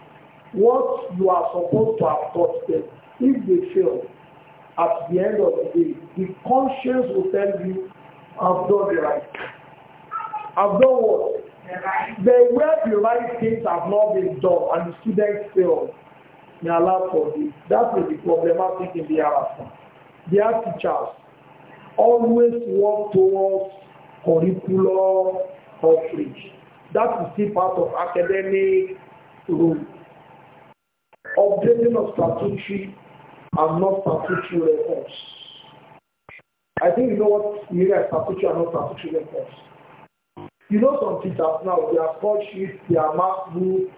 what you are supposed to have taught them, if they fail, at the end of the day, the conscience will tell you, I've done the right thing. I've done what? The right. There were the right things have not been done and the students failed. May Allah forgive. That will be problematic in the hereafter. Their teachers always work towards curricular outreach. That is still part of academic rule. Updating of statutory Are not perpetual reforms. I think you know what you mean perpetual and not perpetual reforms. You know some teachers now, they are called sheets, they are MacBook,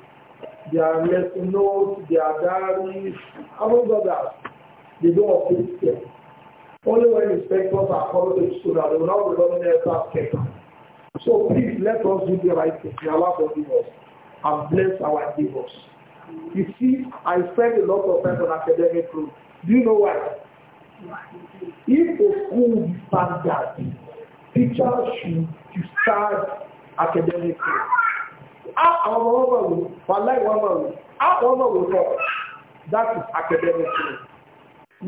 they are lesson notes, they are diaries, among others. They don't update them. Only when inspectors are called to the student, they will not be running their class paper. So please let us do the right thing. May Allah forgive us and bless our neighbors. You see, I spend a lot of time on academic rules. Do you know why? If a school is that, teachers should start academic. How our woman will, Walai woman will, how woman will talk. That is academic role.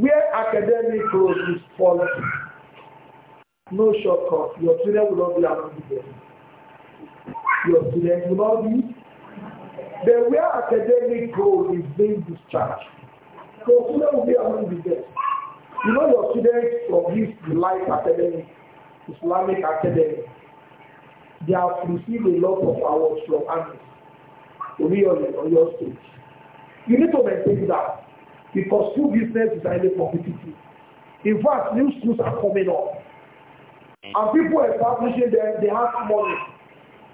Where academic role is policy, no shortcut. Your children will not be among them. Your students will not be. The where academic role is being discharged, So students will be among the best. You know your students from this life academy, Islamic academy, they have received a lot of awards from armies, really on your stage. You need to maintain that because school business is highly competitive. In fact, new schools are coming up. And people establishing them, they have money.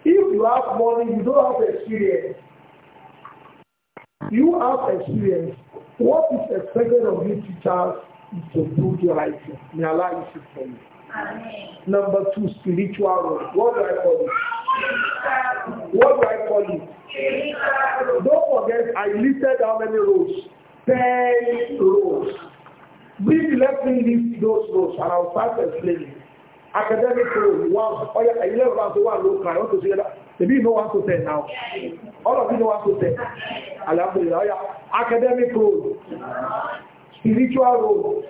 If you have money, you don't have experience. You have experience. What is expected of you teachers is to do the right thing. May Allah is it for you. Number two, spiritual role. What do I call it? What do I call it? Don't forget, I listed how many roles? Ten roles. Please let me list those roles and I'll start explaining. Academic role, one. Oh yeah, 11 rounds, one low I want to see that? Maybe you know what to say now. All of you know what to say. Alhamdulillah. Yeah. Academic role, Spiritual role.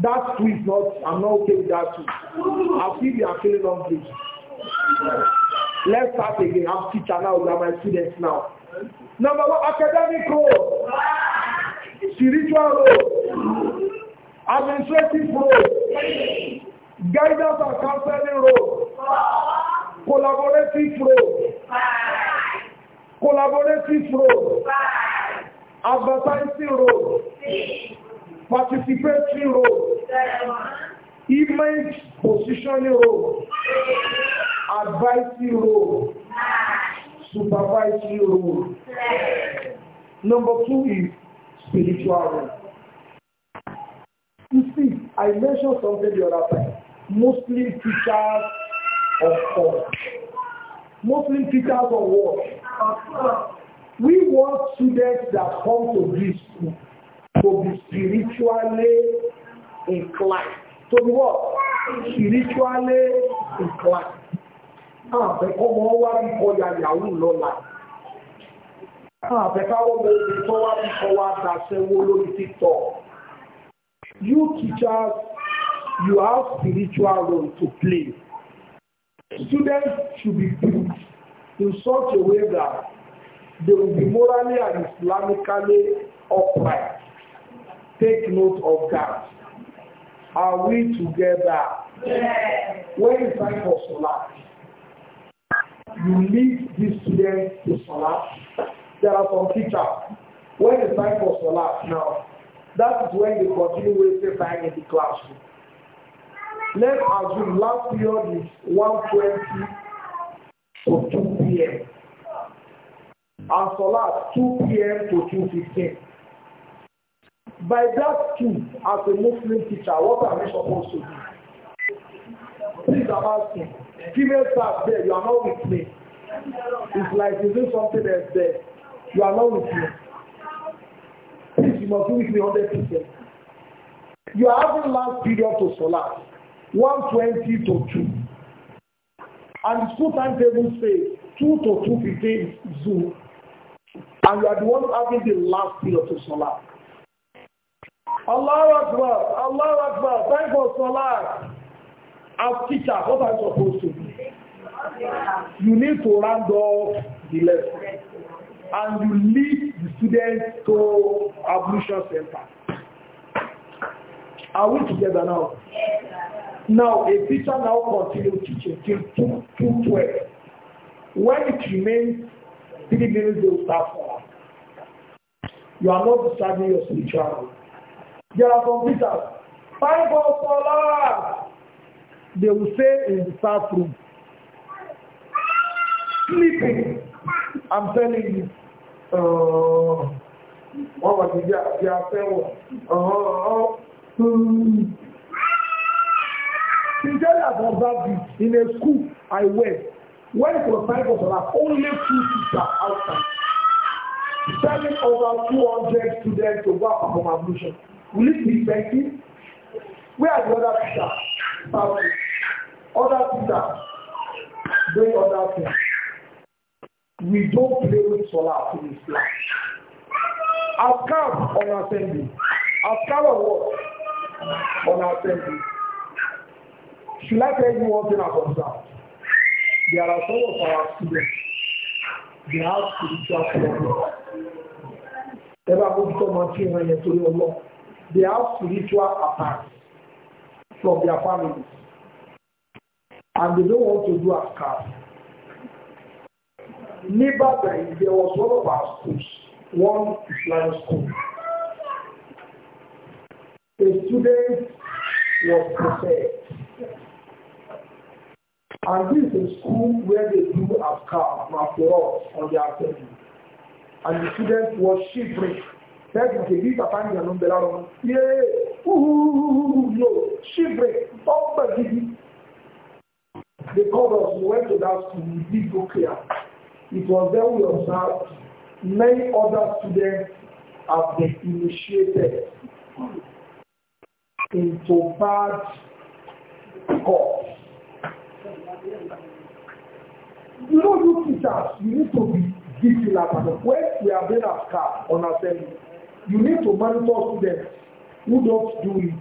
That too is not, I'm not okay with that too. I feel you are feeling hungry. Let's start again. I'm teacher now, we are my students now. Number one, academic role. Spiritual role. Administrative role. Guidance and counseling role. Collaborative road. Five. Collaborative road. Five. Advertising road. Six. Participatory road. Seven. Image positioning road. Eight. Advisory road. Nine. Supervisory road. Seven. Number two is spiritual road. You see, I mentioned something the other time. Mostly teachers of Muslim teachers of war. We want students that come to this school to be spiritually inclined. To be what? Spiritually inclined. Ah, Àbẹ̀kọ́ ọmọ wá bí kọjá ìyàwó lọ́la. Àbẹ̀káwọ́ ah, mo lè tọ́ wá bí kọ́ wá dáṣẹ́wó lórí títọ̀. You teachers, you have spiritual role to play students should be built in such a way that they will be morally and Islamically upright. Take note of that. Are we together? Yes. When it's time for Salah, you lead these students to Salah. There are some teachers. When it's time for Salah now, that is when they continue wasting time in the classroom. Let Let's assume last period is 120 to 2 p.m. And last 2 p.m. to 2.15. By that too, as a Muslim teacher, what am I supposed to do? Please I'm asking. Female staff there, you are not with me. It's like you do something else there. You are not with me. Please, you must do with me 100%. You are having last period to Salat. 120 to 2. And the school timetable says 2 to 2.15 is Zoom. And you are the one having the last period of Salah. Allah Akbar, Allah Akbar, Thank for Salah. As teacher, what are you supposed to do? You need to round off the lesson. And you lead the students to ablution center. Are we together now? Yes. Now, a teacher now continues teaching till 2, 212. When it remains three minutes, they will start for us. You are not disturbing your spirituality. There are some teachers, five for four hours, they will say in the staff room. Sleeping. I'm telling you. Uh, what was it? They are, they are uh-huh. uh-huh. Nigeria has observed this in a school I went. When it was time for Salah, only two teachers outside. Sending over 200 students to go for perform ablution. Will it be effective? Where are the other teachers? Sorry. Other teachers doing other things. We don't play with Salah to this class. I've come on assembly. I've come on what? on our assembly. Should I tell you one thing about that? There are some of our students, they have spiritual problems. Ever go to my children and to your Lord. They have spiritual attacks from their families. And they don't want to do as cast. Nearby, there was one of our schools, one Islamic school. the student was prepared. And this is a school where they do Afkar, Maforot, on the assembly. And the student was shivering. Said, okay, this of is an umbrella woman. Yeah, ooh, no, shivering, bumper giddy. They called us, we went to that school, we did go clear. It was then we observed many other students have been initiated. into bad cause. You know, you teachers, you need to be vigilant. when we are being asked on assembly, you need to monitor students who don't do it.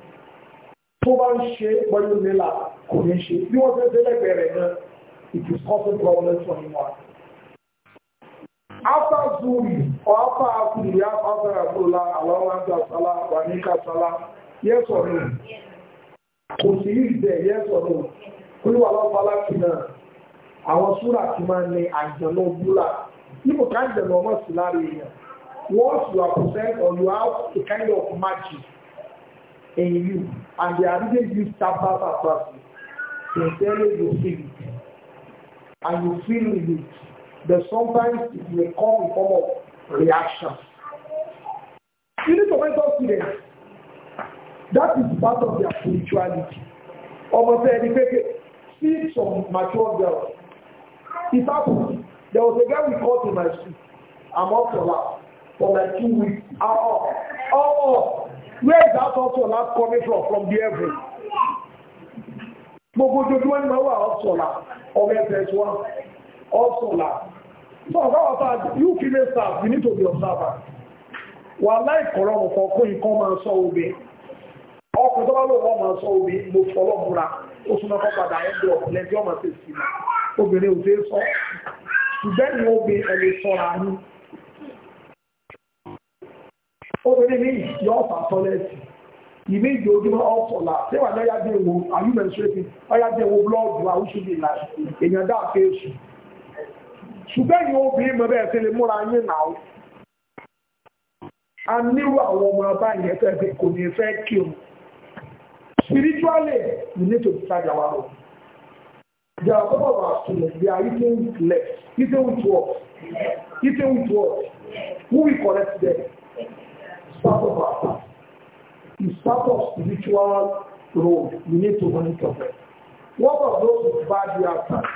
Tó bá ń ṣe pẹ̀lú nílà kò ní ṣe. Bí wọ́n fẹ́ tẹ́lẹ̀gbẹ̀ rẹ̀ náà, it is causing problems for anyone. After Zuri or after Akuri, after Abdullah, Allah wa Sala, Wanika Sala yes or no kò sí ìdẹ̀ yes or no olúwa lọ́pàá láti náà àwọn súrà ti máa ní àjẹ̀nà búlà níbo ká àjẹ̀nà ọmọ sí lára èèyàn once you are present or you have a kind of magic in you and they are really use tapas as practice sincerely you feel it and you feel it. but sometimes it may come in form of reaction. You need to mentor students That is part of their spirituality. Ọmọ fẹ́ ẹni kéèké see some mature girls. It happened. There was a girl we called to my school. I'm up for that for like two weeks. Ah, ah oh, oh, where is that also last coming from? From the heaven. Gbogbo ojoojúmọ́ ni máa wà ọ̀sọ̀là ọmọ ẹgbẹ́ ẹ̀sùn wa ọ̀sọ̀là. So ọ̀gá ọ̀sọ̀ you female staff you need to be observant. Wàhálà ìkọ̀rọ̀ ọ̀kọ̀ọ̀kọ̀ nǹkan máa sọ obìnrin. Ọkụ obi bá lò sọ obi mo fọlọ́ múra ó súnmọ́ kọ́ padà ẹ̀dọ̀ lẹ́bí obere sọ ṣùgbọ́n ní omi ẹni sọ́ra ní obìnrin ní yọ ọ̀fà tọ́lẹ́tì ìmí ìjọ ojúmọ́ ọ̀sọ̀là tí wà náà yájẹ́ ìwò ọya dị ìwò blọọdụ àwùsùnbí ìlà èèyàn dáa fẹ́ sùn a Spiritually, you need to decide our own. There are some of our students, they are eating less, eating with what? Eating with what? Who we correct them? It's part of our past. It's part of spiritual road. We need to monitor them. What about those with bad reactions?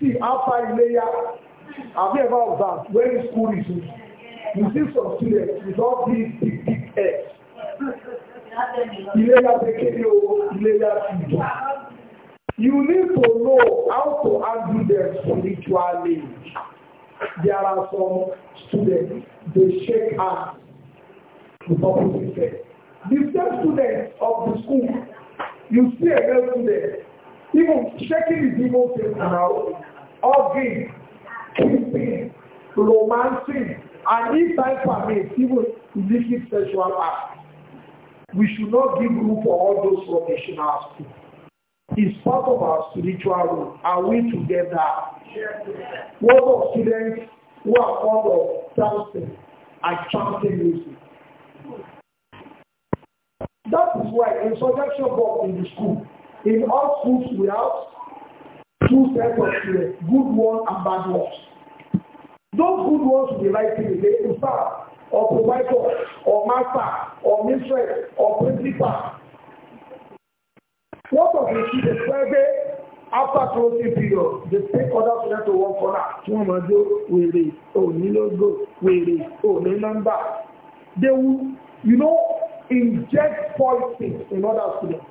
See, after layer, have you ever observed when school is You see some students with all these big, big heads. Ilé láti kéde owó, ilé láti ìjọ. You need to know how to handle them spiritually. There are some students, they shake hands to public effect. The same students of the school, you see a girl student, even shaking his evil now. around, hugging, kissing, romancing, and if time permits, even illicit sexual acts we should not give room for all those rubbish in our school. It's part of our spiritual role. Are we together? What of students who are fond of dancing and chanting music? That is why in suggestion box in the school, in all schools we have two sets of students, good ones and bad ones. Those good ones will be like today. In fact, or provider, or master, or mistress, or principal. What of the students where they, after closing period, they take other students to one corner, tí wọ́n máa jó wèrè, òní wèrè, òní They will, you know, inject poison in other students.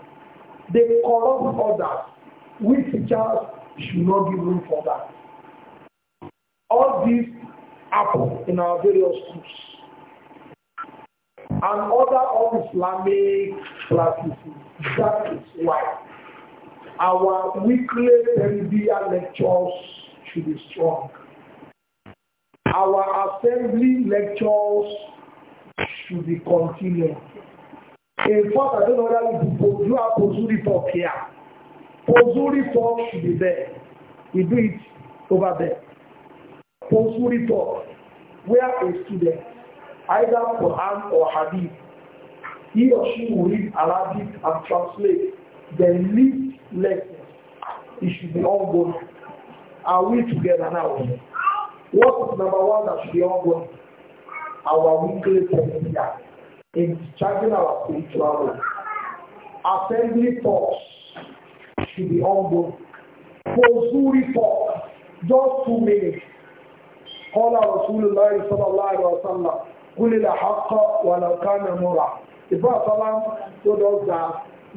They corrupt others. We teachers should not give room for that. All this happen in our various schools and other un-Islamic practices. That is why our weekly Tarbiyah lectures should be strong. Our assembly lectures should be continued. In fact, I don't know whether you do have Pozuri talk here. Pozuri talk should be there. We do it over there. Pozuri talk, where a student either Quran or Hadith. He or she will read Arabic and translate the least lessons. It should be ongoing. Are we together now? What is number one that should be ongoing? Our weekly prayer in charging our spiritual life. Assembly talks should be ongoing. Kosuri report just two minutes. Call our Rasulullah sallallahu alaihi wasallam gúnlẹ̀ àkọ́ wàlọ̀kánà mọ́ra ìbá àtọ́lá tó dọ́gba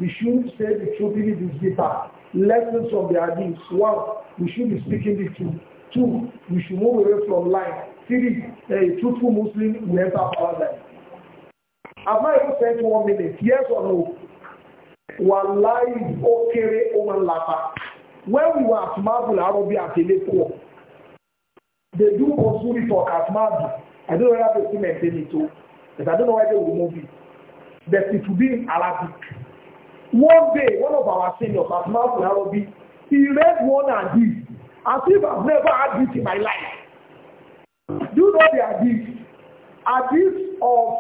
we should say the truth in this deeper lessons of the hadith one we should be speaking the truth two we should move away from lie three a truthful muslim will enter our life have I even spent one minute yes or no wàláì ó kéré ó máa lapa when we were at marble arobi at elepo they do pursue it for at I don't know whether they maintain it too, but I don't know why they will remove it. But it will be in Arabic. One day, one of our seniors, Asmal Arabi, he read one and this, as if I've never had this in my life. Do you know the hadith? Hadith of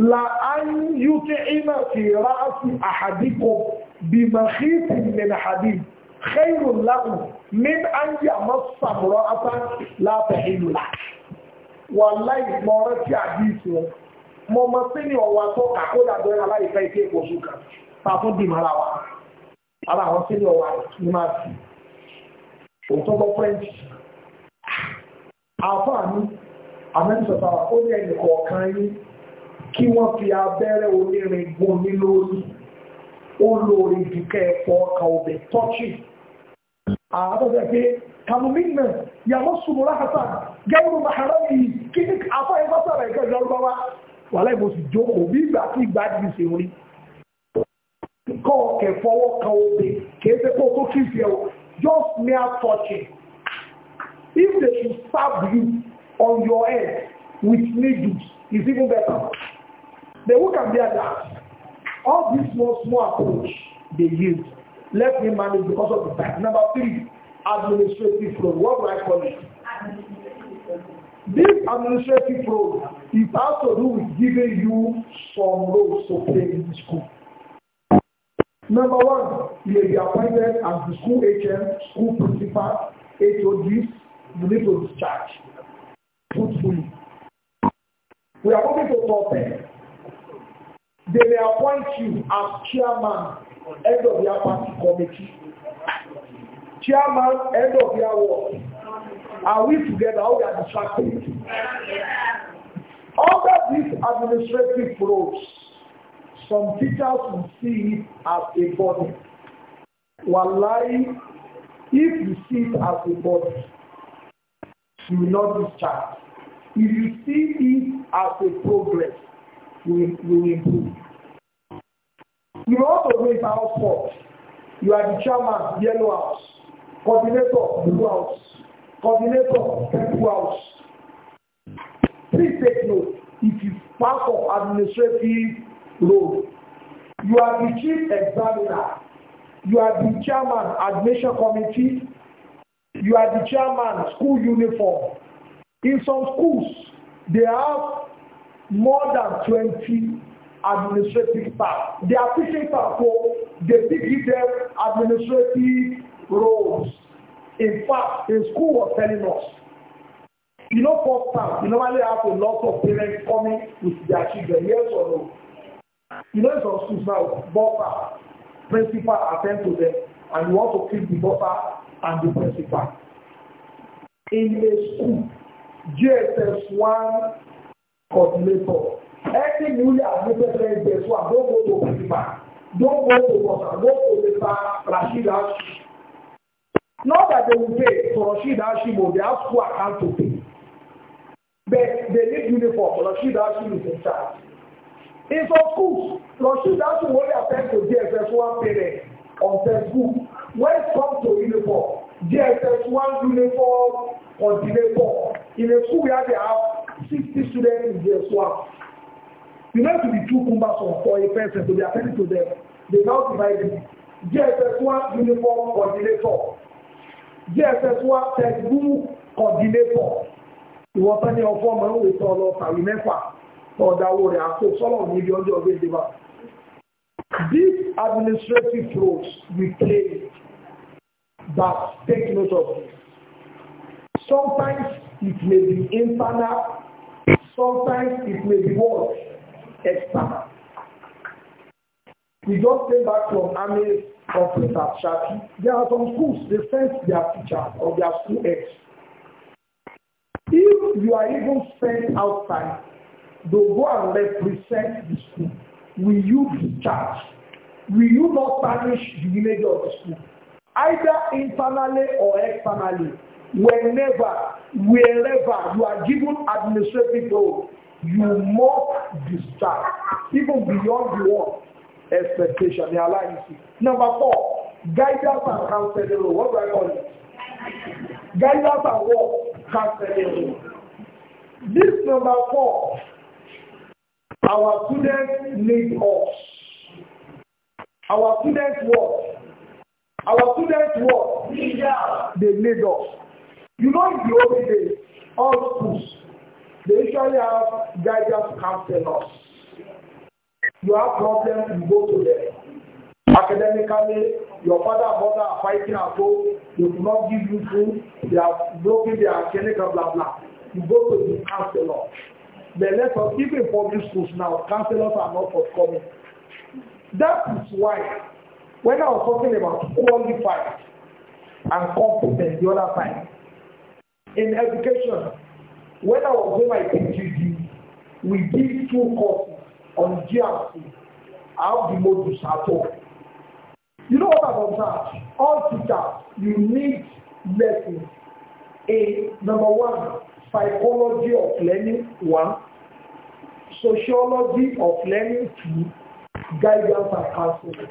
La an yuti'ima fi ra'asi ahadikum bimakhitin min hadith khairun lahu min an yamassa ra'atan la tahilu lahu wà láì mọ rántí àdìsí wọn mo mọ sí ní ọwọ́ àtọ́ àkódà bẹ́ẹ̀ aláìfẹ́ ike ìkóṣù kan tá a tún dì mára wa ara àwọn sí ní ọwọ́ àti máa sì òótọ́ gbọ́ french àáfàá mi àmẹ́sọ̀tà ó ní ẹnì kọ̀ọ̀kan yín kí wọ́n fi abẹ́rẹ́ onírin gún mi lórí ó lórí dùkẹ́ ẹ̀fọ́ ọkàn ọbẹ̀ tọ́chì àtọ́jọ́ pé kàmùmínà yàmọ́ sùmùrà hàtà gẹ́rù maharami kí ní afọ́ ẹgbẹ́ sára ẹ̀kẹ́ ìjọba wà láì mo sì jókòó bí ìgbà tí ìgbà ti ṣe orí kọ́ ọ̀kẹ́ fọwọ́ kan òde kì í ṣe kó tó kí ìfẹ́ o just mere touching if they should stab you on your head with needles is even better they who can bear that all this small small approach they use let me manage because of the time number three administrative role. What do I call it? This administrative role is has to do with giving you some roles to play in the school. Number one, you may be appointed as the school HM, school principal, HODs, you need to discharge truthfully. We are moving to topic. They may appoint you as chairman, head of the party committee chairman end of year work are we together How we are distracted under these administrative roles some teachers will see it as a body wallahi if you see it as a body you will not discharge if you see it as a progress you will, you will improve you also raise house for you are the chairman yellow house coordinator blue house coordinator blue house please take note If you pass for administrative role you are the chief examiner you are the chairman admission committee you are the chairman school uniform in some schools they have more than twenty administrative staff. They are teaching staff, so they give them administrative roads. In fact, the school was telling us, you know, for time, you normally have a lot of parents coming with their children, yes or no? You know, some schools now, buffer principal attend to them, and you want to keep the buffer and the principal. In a school, JSS 1 coordinator, any newly admitted parents, guess what? Don't go to principal. Don't go to butter. Go to the Rashida Not that they will pay for Rashid Hashim, they ask who I account to pay. But they need uniform, Rashid Hashim is in charge. In some schools, Rashid Hashim only attend to DSS 1 parent on textbook. When it comes to uniform, DSS 1 uniform on or four. In a school where they have 60 students in DSS 1. You need to be two cumbersome for a person to be attending to them. They now divide it. DSS 1 uniform on four. JSS wa textbook coordinator ìwọ tán ní ọfọ ọmọ ìwé tán lọ kàwé mẹ́fà ọ̀dàwó rẹ̀ àpò sọ́lọ̀ níbi ọjọ́ ọgbẹ́dẹ́ bá. This administrative roles we play but take note of this. Sometimes it may be internal, sometimes it may be what? External. We just came back from army of Professor Shaki. There are some schools, they send their teacher or their school aides. If you are even sent outside, they'll go and represent the school. Will you be charged? Will you not punish the image of the school? Either internally or externally, whenever, wherever you are given administrative role, you must discharge, even beyond the one expectation ní aláìsí. Number four, guidance and counseling role. What do I call it? Guidance and what? Counseling role. This number four, our students need us. Our students what? Our students what? They need us. You know in the old days, all schools, they usually have guidance counselors. You have problems, you go to them. Academically, your father and mother are fighting at home. They do not give you food. They are broken, they are clinical, blah, blah. You go to the counselor. The let even for these schools now, counselors are not forthcoming. That is why, when I was talking about qualified and competent the other time, in education, when I was doing my PGD, we did two courses on GRC, how the modus at all. You know what I've that, All teachers, you need lessons in number one, psychology of learning, one, sociology of learning, two, guidance and counseling.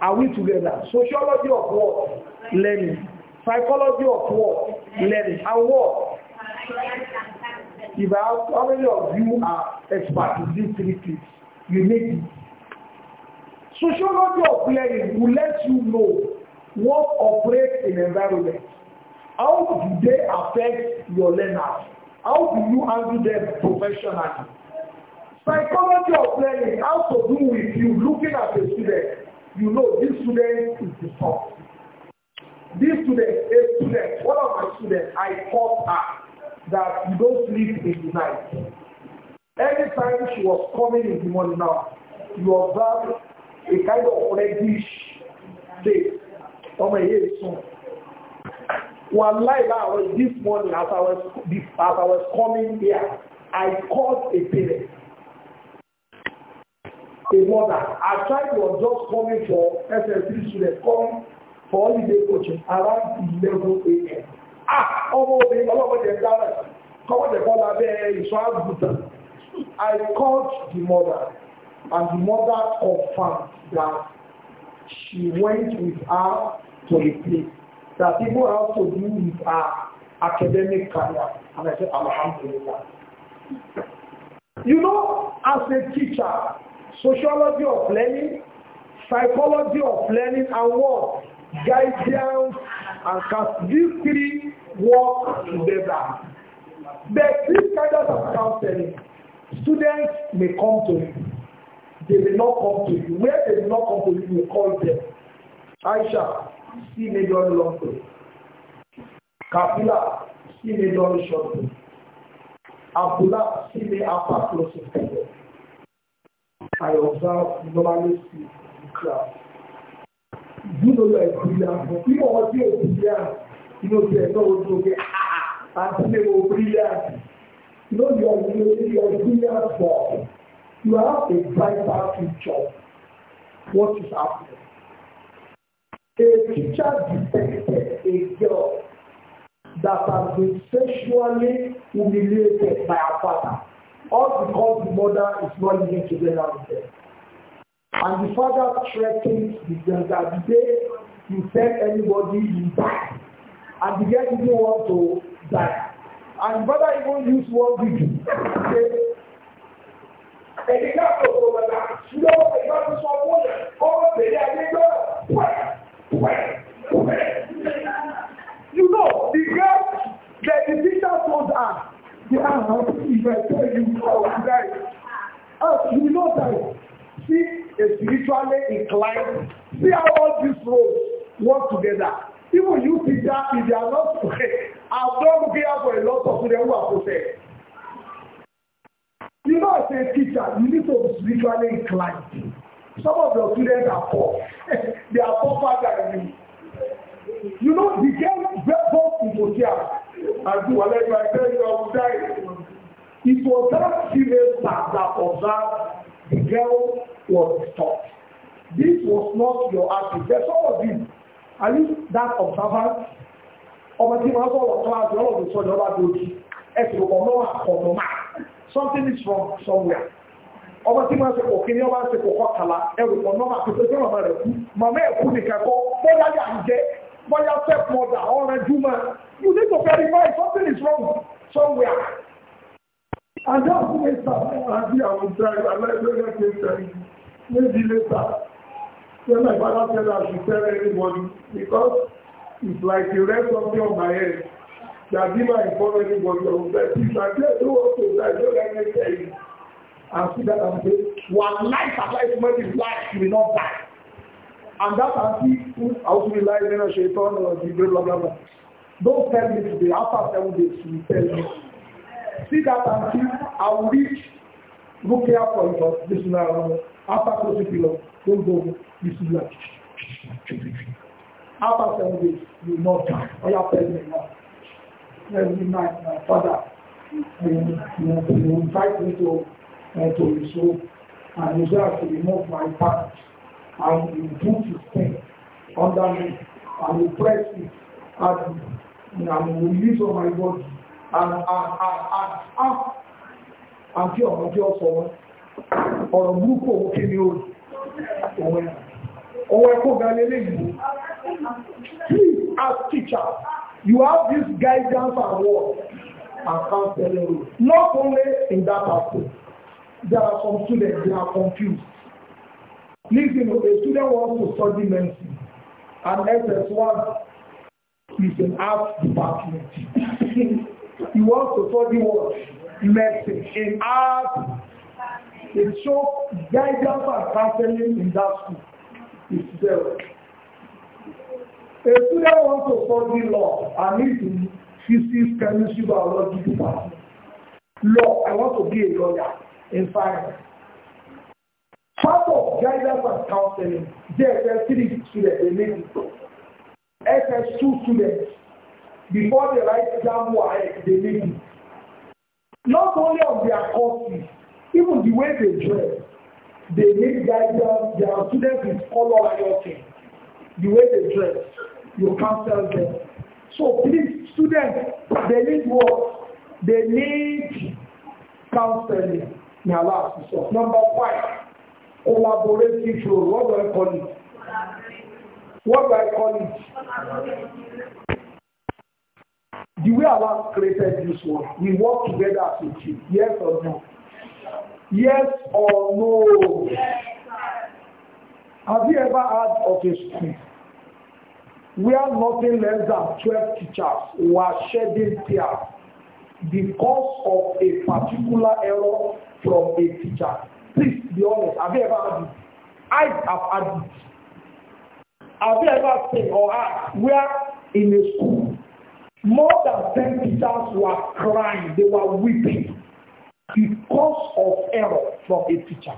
Are we together? Sociology of what? Learning. Psychology of what? Learning. And what? If I ask how many of you are experts in these three things, you need it. Sociology of learning will let you know what operates in environment. How do they affect your learners? How do you handle them professionally? Psychology of learning has to do with you looking at a student. You know this student is the top. This student, a student, one of my students, I taught her that you don't sleep in the night. Anytime she was coming in the morning now, you observe a kind of reddish face. Ọmọ ìyá ìsùn. One night I was this morning as I was as I was coming here, I called a parent. A mother. I tried to just coming for SS3 students, come for holiday coaching around 11 a.m. Ah, ọmọ obìnrin ọlọ́pọ̀jẹ̀ dára kọ́pọ̀jẹ̀ bọ́lá bẹ́ ìṣọ́ àgùntàn I called the mother and the mother confirmed that she went with her to the place that people have to do with her academic career and I said alhamdulillah. You know as a teacher sociology of learning psychology of learning and what guidance and cast these three work together. But these kind of counseling, students may come to you. They may not come to you. Where they may not come to you, you call them. Aisha, see mi dán lọ́pọ̀. Kabila, sí mi dán ṣọ́pọ̀. Abdullah, see me apá close to you. I observe normally see in class. You know you are a brilliant, but people want to be a brilliant inú ti ẹ̀tọ́ ojú oge àti lè wo brilliant no you have a brighter future what is happening. A teacher detected a girl that has been sexually humiliated by her father all because the mother is not living together with them. And the father threatened the girl that the day you tell anybody you die and the guy didn't want to die. And brother even used one video. And Ẹni ká tòkò bàtà lọ́wọ́ ìgbà tó sọ fún yẹn, ọmọ tèlé ayé gbọ́ pẹ̀ pẹ̀ pẹ̀. You know, the girl, the the teacher told her, the hand hand if tell you how to die. As you know that, see a spiritually inclined, see how all these roads work together. Even you Peter, if you are not okay, I've done care for a lot of them who are possessed. You know, as a teacher, you need to be spiritually inclined. Some of your students are poor. *laughs* they are poorer than you. You know, the girl both in Motia and to Alep, I tell you, I will die. It was that female staff that observed the girl was taught. This was not your attitude. There's all of you. Are you that observant? Ọmọ tí wọ́n sọ̀rọ̀ kíláàsì ọlọ́dún sọ̀rọ̀ ọba dòjì ẹ̀sìn ọ̀nà àkọ́tọ̀ máa. Something is wrong somewhere. Ọmọ tí wọ́n ṣe kí ni ọba ṣe kò kàlá ẹ̀rù ọ̀nà àkọ́tọ̀ tí màmá rẹ̀ kú. Màmá ẹ̀ kú nìkan kọ́ bóyá yà ń jẹ bóyá step mother ọ̀rẹ́ júmọ́. You need to verify something is wrong somewhere. Àjọ àkúrẹ́ sàmúlò àti àwọn ìtàn àlẹ́ ìgbẹ́lẹ́ So my father said I should tell everybody because it's like you read something on my head. That if I inform anybody of that, if I tell you what to do, I don't let me tell you. I see that and say, one life applies to many life, you will not die. And that I see, I also realize when I turn or the blah, blah, blah, blah. Don't tell me today, after seven days, we tell me. See that and see, I will reach, look here for you, this is not after closing period don't go this is like after seven days you not die or you have pregnant now every night my father um, he invite me to uh, to his home and he said to remove my pants and he put his pen under me and he press it and and he release on my body and and and and and and and and and and ọ̀rọ̀ burúkú òun kí ni òun ẹ̀kọ́ ga lélẹ̀ yìí please as teacher you have this guidance and word and counseling role not only in that aspect there are some students they are confused Please, you know, a student wants to study medicine and ss1 is an art department *laughs* he wants to study what medicine in art It show guidance and counseling in that school itself. A student wants to study law and need to physics, chemistry, biology department. Law, I want to be a lawyer in finance. Part of guidance and counseling, there are three students, they make it. SS2 students, before they write exam, what they make it. Not only on their courses, Even the way they dress, they make guide their students with color and your thing. The way they dress, you can't tell them. So please, students, they need work. They need counseling. May Allah assist Number five, collaborative role. What do I call it? What do I call it? The way Allah created this one, we work together as a team. Yes or no? Yes or no? Have you ever heard of a school where nothing less than 12 teachers were shedding tears because of a particular error from a teacher? Please be honest. Have you ever heard it? I have heard it. Have you ever seen or heard where in a school more than 10 teachers were crying, they were weeping because of error from a teacher.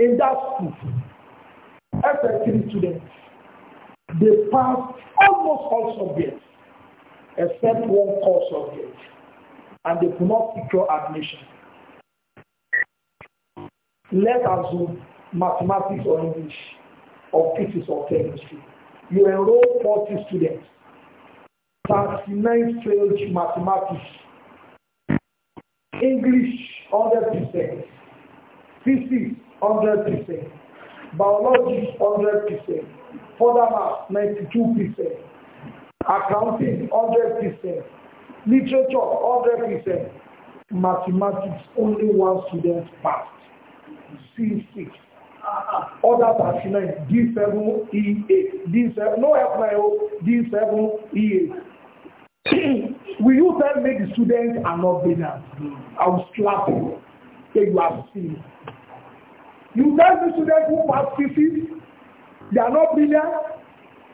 In that school, FL3 students, they passed almost all subjects except one core subject, and they could not secure admission. Let us do mathematics or English or physics or chemistry. You enroll 40 students. 39 failed mathematics English 100%, physics 100%, biology 100%, further 92%, accounting 100%, literature 100%, mathematics only one student passed, C6. Others are nine, D7, E8, D7, no F9, D7, E8. *coughs* will you then make the students are not winners? I will slap you. Say you are silly. You tell the students who pass physics, they are not brilliant.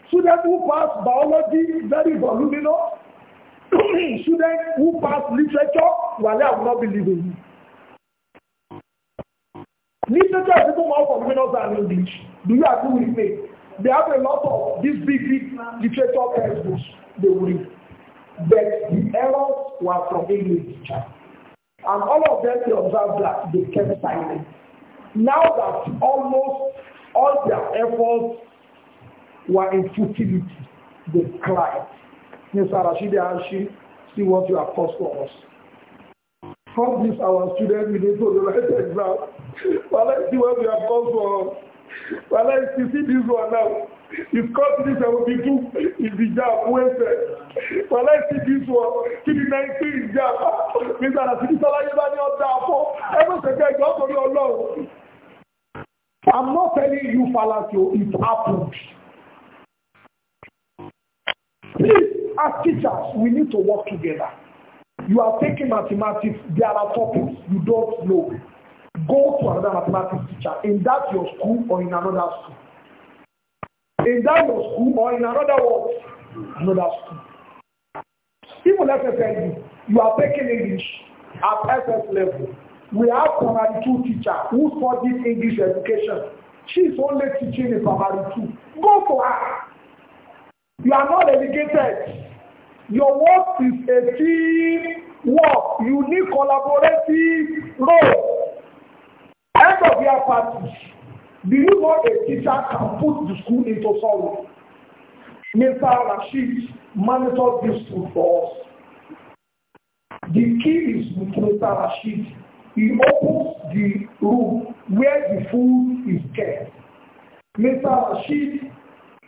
Students who pass biology, very voluminous. *coughs* students who pass literature, well, they will not believe in you. Literature is even more voluminous than English. Do you agree with me? They have a lot of these big, big literature textbooks they read. But the errors were from English teachers, And all of them, they observed that they kept silent. Now that almost all their efforts were in futility, they cried. Mr. Rashid Ashi, see what you have caused for us. From this, our students, we need to write the exam. well, let's see what you have caused for us. Well, let's see this one now. His confidence will be too is the job wasted. But let's see this one. Kí 19 is job. Mr. Nasiri Salaye bá ní ọjà fọ́. Ẹgbẹ́ ṣẹ̀kẹ́ ìjọ ọkùnrin Ọlọ́run. I'm not telling you fallacy, it happened. Please, as teachers, we need to work together. You are taking mathematics, there are topics you don't know. Go to another mathematics teacher in that your school or in another school in that school or in another world, another school. Even FFLD, you You are taking English at SS level. We have primary two teacher who studies English education. She is only teaching in primary two. Go for her. You are not educated. Your work is a team work. You need collaborative role. End of year parties. Believe what a teacher can put the school into sorrow? Mr. Rashid monitored this school for us. The key is with Mr. Rashid. He opens the room where the food is kept. Mr. Rashid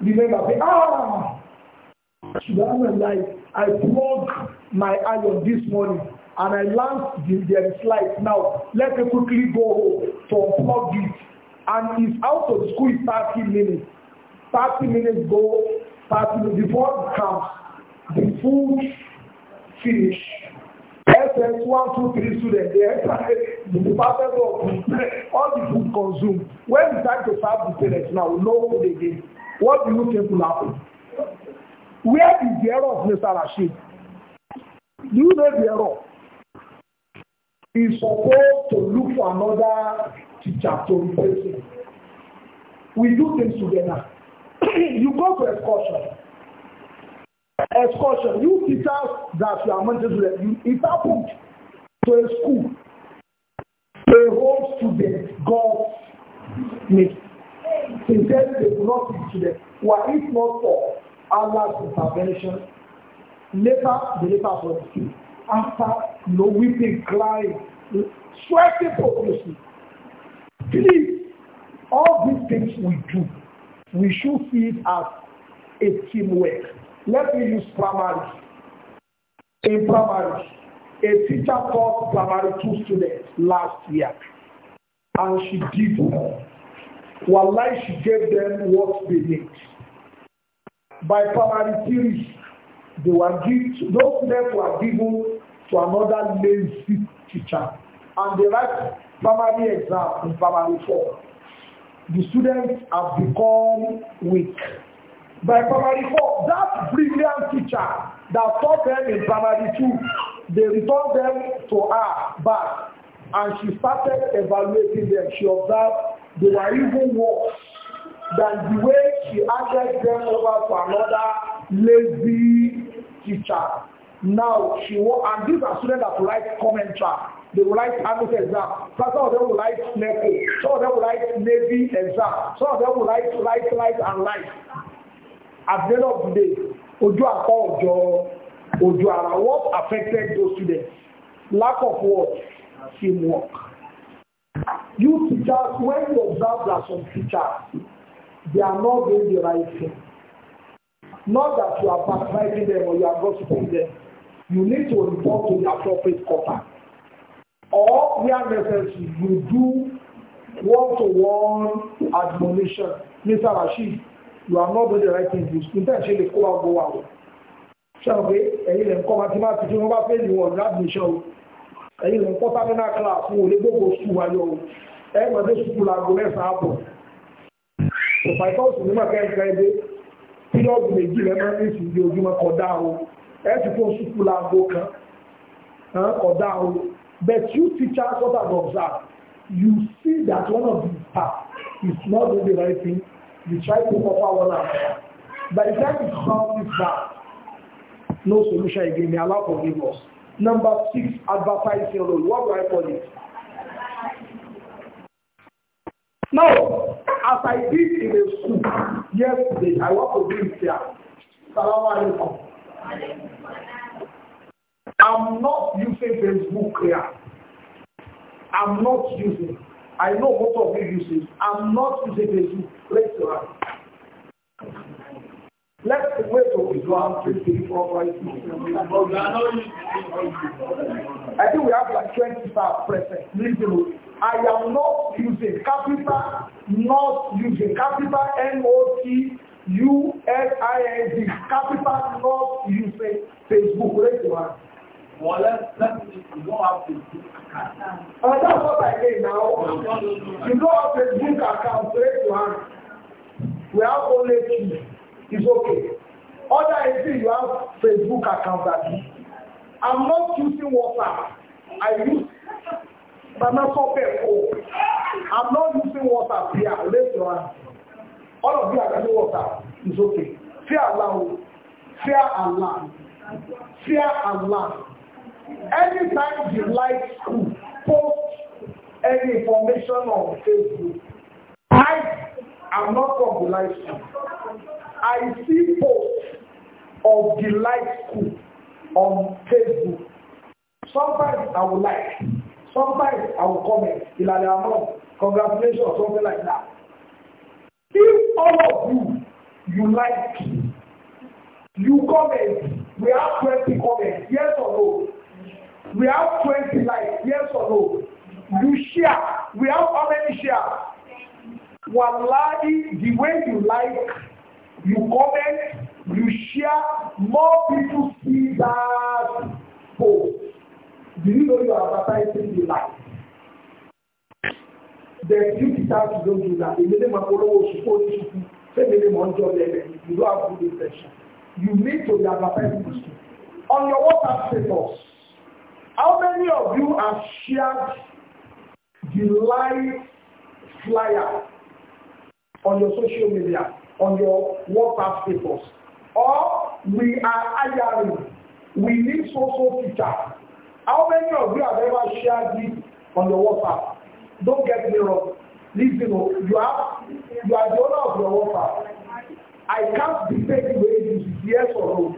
remember, ah, should I I plug my iron this morning and I lanced the, the slides. Now, let me quickly go home to unplug it and is out of school is 30 minutes. 30 minutes go, 30 minutes before it comes, the food finish. SS 1, 2, 3 students, they enter the department of *laughs* all the food consumed. When we start to serve the parents now, we know who they get. What do you think will happen? Where is the error of Mr. Rashid? Do you know the error? He's supposed to look for another teacher to replace him. We do things together. *clears throat* you go to excursion. Excursion. You teachers that you are meant to do, it happened to a school. to A whole student got me. Sincerely, they do not teach them. Why it not for Allah's intervention, later, the later was After, you know, weeping, crying, sweating profusely. Please, all these things we do, we should see it as a teamwork. Let me use primary. In primary, a teacher taught primary two students last year, and she did well. Wallahi, she gave them what they need. By primary three, they were given, those students were given to another lazy teacher, and the right primary exam in primary four, the students have become weak. By primary four, that brilliant teacher that taught them in primary two, they returned them to her back and she started evaluating them. She observed they were even worse than the way she handed them over to another lazy teacher. Now she and these are students that write commentary they will write army exam. Some of them will write NECO. Some of them will write Navy exam. Some of them will write light, light, and light. At the end of the day, ojú àpá ọjọ́ ojú ara what affected those students? Lack of what? Teamwork. You teachers, when you observe that some teachers, they are not doing the right thing. Not that you are patronizing them or you are gossiping them. You need to report to the appropriate quarter or where necessary you do one-to-one admonition. Mr. Rashid, you are not doing the right thing. You intend ṣe lè kó wa gbowó àwọn. Ṣẹ́wọ̀n pé ẹ̀yin lè ń kọ́ to tí wọ́n bá fẹ́ ní wọn admission o. Ẹ̀yin lè ń kọ́ terminal class wọn ò lè gbogbo sùkúl ayọ̀ o. Ẹ mọ̀ pé sùkúl aago mẹ́sàn-án àbọ̀. Òfà ìtọ́sí ní màkà ẹ̀ka ẹ̀dẹ́ give méjì rẹ̀ máa ń ní ìsìn ìdí ojúmọ́ kódà o. go to school sùkúl aago kan kódà o. But you teachers, what I've observed, you see that one of the paths is not doing the right thing. You try to offer one another. By the time it comes back, no solution again. May Allah forgive us. Number six, advertising role. What do I call it? Now, as I did in the school yesterday, I want to do it here. Salaam alaikum. I'm not using Facebook here. I'm not using. I know what of you use it. I'm not using Facebook. Let's run. Let's wait till we go out to see for I think we have like 20 staff present. Listen, I am not using capital, not using capital N-O-T U-S-I-N-G, capital not using Facebook. Let's run wọ́n lẹ́sìn ìlú àpèjì kàkà. ọjọ́ sọ́dà ilé ìnáwó ìlú àpèjì kàkà straight to hand we have only two it's okay other is say you have Facebook account abi I'm not using WhatsApp I use mama sọpẹ phone I'm not using WhatsApp here raise your all of you are using WhatsApp it's okay fear Allah fear Allah fear Allah. Anytime you like school, post any information on Facebook. I am not from the life school. I see posts of the life school on Facebook. Sometimes I will like, sometimes I will comment, Ilale Amon, congratulations, or something like that. If all of you, you like, you comment, we have 20 comments, yes or no, We have 20 likes, yes or no? You share. We have how many shares? Wallahi, the way you like, you comment, you share, more people see that post. Do you know you are advertising the like? Then you decide to don't do that. The minimum follow was supposed to be say minimum on job level. You don't have good impression. You need to be advertising this. On your WhatsApp status, How many of you have shared the live flyer on your social media, on your WhatsApp status? Or we are hiring, we need social teacher. How many of you have ever shared this on your WhatsApp? Don't get me wrong. Listen, oh, you have you are the owner of your WhatsApp. I can't dictate whether way you yes or no.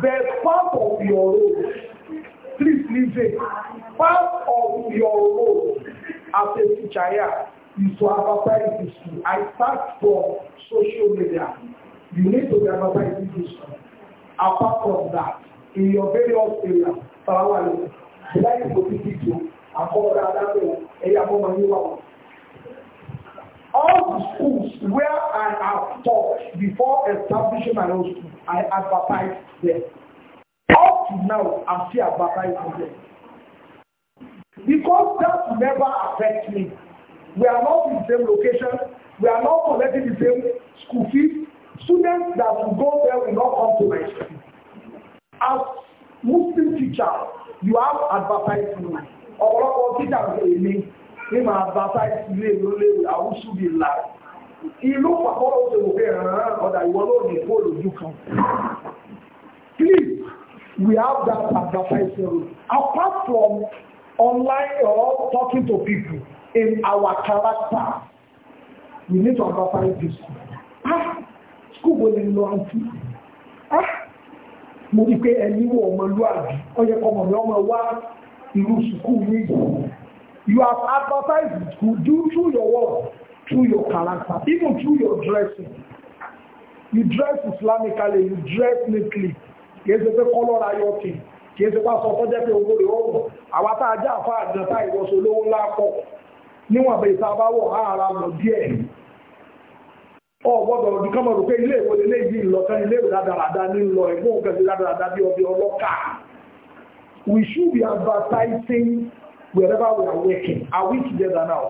There's part of your role please leave it. Part of your role as a teacher here is to advertise this school. I start from social media. You need to be advertising this school. Apart from that, in your various areas, Salawa, the life of the people, and all that other area, all the schools where I have taught before establishing my own school, I advertise there to now, I'm still about five hundred. Because that never affect me. We are not in the same location. We are not collecting the same school fees. Students that will go there will not come to my school. As Muslim teacher, you have advertised me. teachers Ọ̀pọ̀lọpọ̀ títà èmi ní máa advertise ilé ìrólé àwùsù bíi láì. Ìlú pàpọ̀ òṣèlú pé ràn án ọ̀dà not lónìí kó lójú come. Please we have that advertising rule. Apart from online or talking to people in our character, we need to advertise this. Ah, school wo ni lọ àǹtí? Ah, mo rí pé ẹni wo ọmọlúwàbí, ó yẹ kọ́ ọmọ mi ọmọ wá irú sùkúù mi. You have advertised the school do through your work, through your character, even through your dressing. You dress Islamically, you dress neatly kìí ṣe pé kọ́lọ́ra yọ tì kìí ṣe pásọ tó jẹ́ pé owó rẹ̀ ọ̀rùn àwa tá a àjọta ìwọ̀sọ olówó ńlá pọ̀ níwọ̀n bẹ̀ ìsàbáwọ̀ ara lọ díẹ̀ ọ̀gbọ́dọ̀ ọdún pé ilé ìwòlè lè yí ìlọ́tán ilé ìwòlè ní lọ ẹ̀gbọ́n òkèlè dáradára bí ọbẹ̀ ọlọ́kà we should be advertising wherever we are working are we together now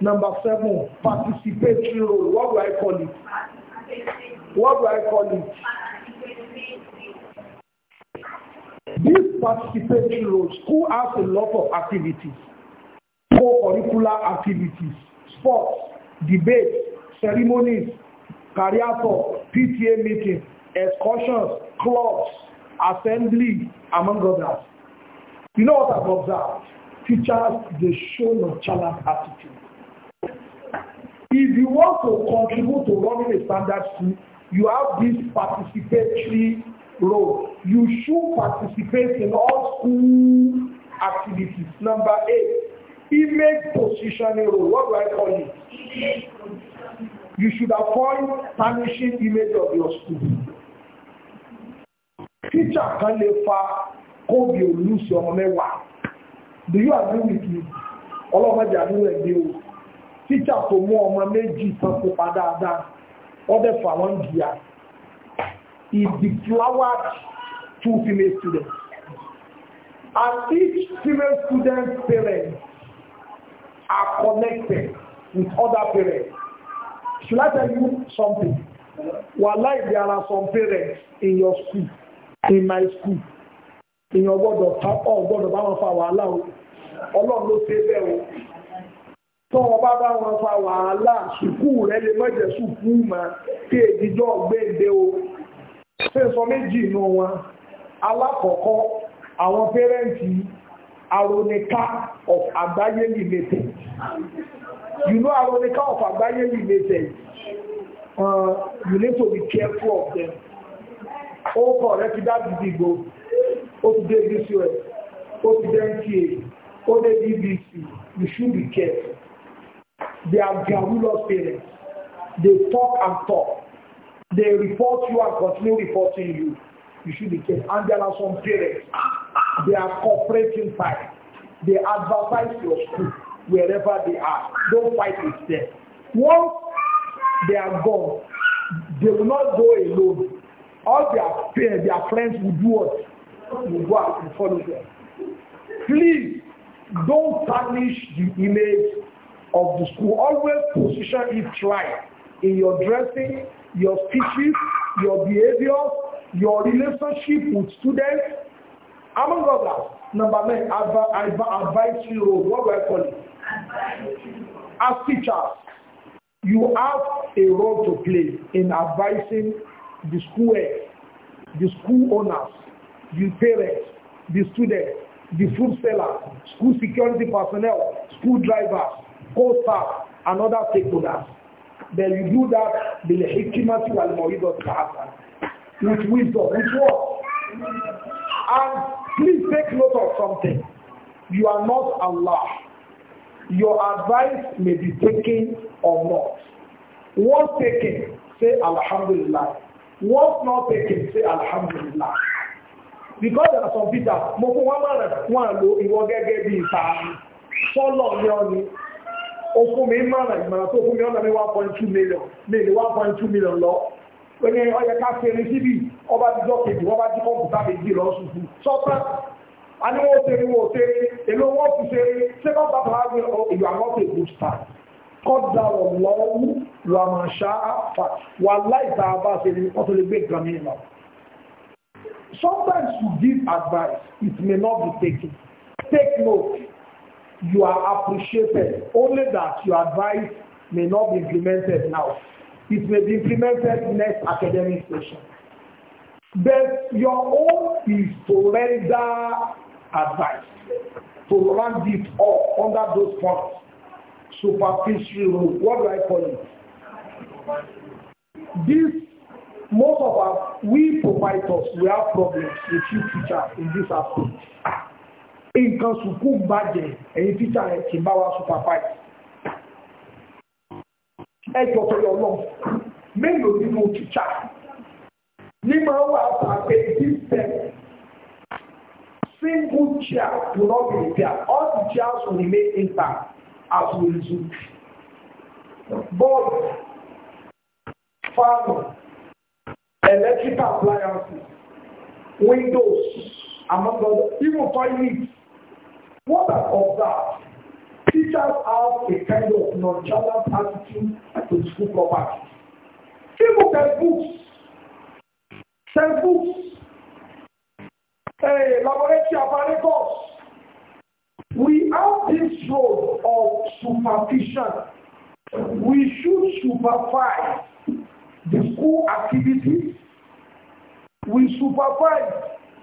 number seven participatory role what do I call it what do I call it These participatory roles, school has a lot of activities, co-curricular activities, sports, debates, ceremonies, career talk, PTA meeting, excursions, clubs, assembly, among others. You know what I've observed? Teachers, they show nonchalant attitude. If you want to contribute to running a standard school, you have this participatory role. You should participate in all school activities. Number eight, image positioning role. What do I call it? You should avoid tarnishing image of your school. Teacher kan lè fa kóbi olùsí ọmọ mẹ́wàá. Do you agree with me? Ọlọ́mọdé àdúrà ẹ̀dẹ́ o. Teacher tó mú ọmọ méjì tán kópa dáadáa. Wọ́n dẹ̀ fà wọ́n jìyà he deflowered to female students. And each female student's parents are connected with other parents. Should I tell you something? Well, like there are some parents in your school, in my school, in your word of time, oh, God, of for Allah, Allah, oh. no ló ṣe bẹ́ẹ̀ o. Tọ́ ọba bá wọn fa wàhálà, sùkúù rẹ lè mọ̀jẹ̀ sùkúù mà, kéèdìjọ́ gbèǹde o ṣe sọ méjì inú wọn alákọ̀ọ́kọ́ àwọn pẹ́rẹ́ǹtì aronika of àgbáyé limited you know aronika of àgbáyé limited uh, you need to be careful of them ó kọ̀ rẹ ti dá dìbò ó ti dé bcos ó ti dé nta ó dé bbc you should be careful they are their parents they talk and talk They report you and continue reporting you. You should be careful. And there are some parents, they are cooperating fine. They advertise your school wherever they are. Don't fight with them. Once they are gone, they will not go alone. All their peers, their friends will do what? Will go out and follow them. Please don't tarnish the image of the school. Always position it right in your dressing, your speeches, your behavior, your relationship with students. Among others, number nine, advisory role, what do I call it? As teachers, you have a role to play in advising the school head, the school owners, the parents, the students, the food sellers, school security personnel, school drivers, co-staff, and other stakeholders. Then you do that bil hikmati wal mawidati hasan with wisdom, with what? And please take note of something. You are not Allah. Your advice may be taken or not. Once taken, say Alhamdulillah. Once not taken, say Alhamdulillah. Because there are some people, mo fún wọn máa rẹ̀ wọ́n lo ìwọ gẹ́gẹ́ bí ìta sọ́lọ̀ ní ọ́ni ó mi mọ̀ràn ìmọ̀ràn tó fún mi ọ̀nà mi one million ní one point million lọ ó ní ọyẹ ká fi erin síbi ọba jíjọ kejì wọ́n jí kọ́mpútà méjì lọ ṣùkú sọ́tà a ní wọ́n ṣeré èlò wọ́n fi ṣeré ṣé wọ́n bá bá wí ìlú àwọn tó èkó sítà kọ́dà ọ̀lọ́wù làmàṣá àfà wà láìta bá ṣe ní wọ́n tó lè gbé nǹkan mi lọ. sometimes you give advice it may not be taken take note you are appreciated. Only that your advice may not be implemented now. It may be implemented next academic session. But your own is to render advice, to run it all under those points. Superficial, what do I call it? This, most of us, we providers, we have problems with you teachers in this aspect nǹkan sùkú bàjẹ́ ẹ̀yin títà ẹ̀ kì bá wa supervise ẹjọ́ tó yọ lọ mélòó nínú títà ní máa wà pàpẹ dípẹ single chair to not be repaired all the chairs will remain intact as we resume bọ́ọ̀lù fáànù electrical appliances windows among others, even toilet What I observed, teachers have a kind of nonchalant attitude to school property. People sell books, sell books, hey, eh, laboratory apparatus. We have this role of supervision. We should supervise the school activities. We supervise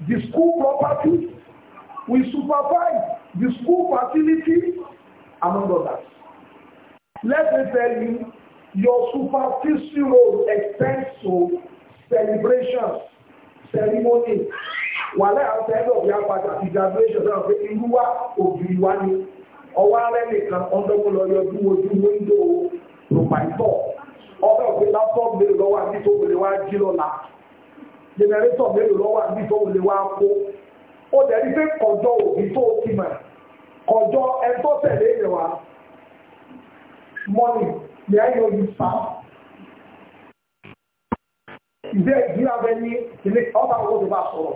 the school property. We supervise the school facility, among others. Let me tell you, your superficial extends to celebrations, ceremonies. Wàlẹ́ àwọn ẹgbẹ́ ọ̀gbìn apàtà ti graduation náà pé irú wa òbí wa ni ọwọ́ alẹ́ nìkan ọdọ́gbọ́n lọ yọjú ojú wíńdò proprietor ọdọ́ ọ̀gbìn laptop mélòó lọ́wọ́ àbí tó wọlé wá jí lọ́la generator mélòó lọ́wọ́ àbí tó wọlé wá kó ó dẹ̀ ní pé kọjọ́ òbí tó ti mọ̀ kọjọ ẹ̀tọ́ tẹ̀lé ìrẹ̀wà mọ́nì ní ayé ojú pa ìdẹ́ ìdílé abẹ ní ilé ọba owó tó bá sọ̀rọ̀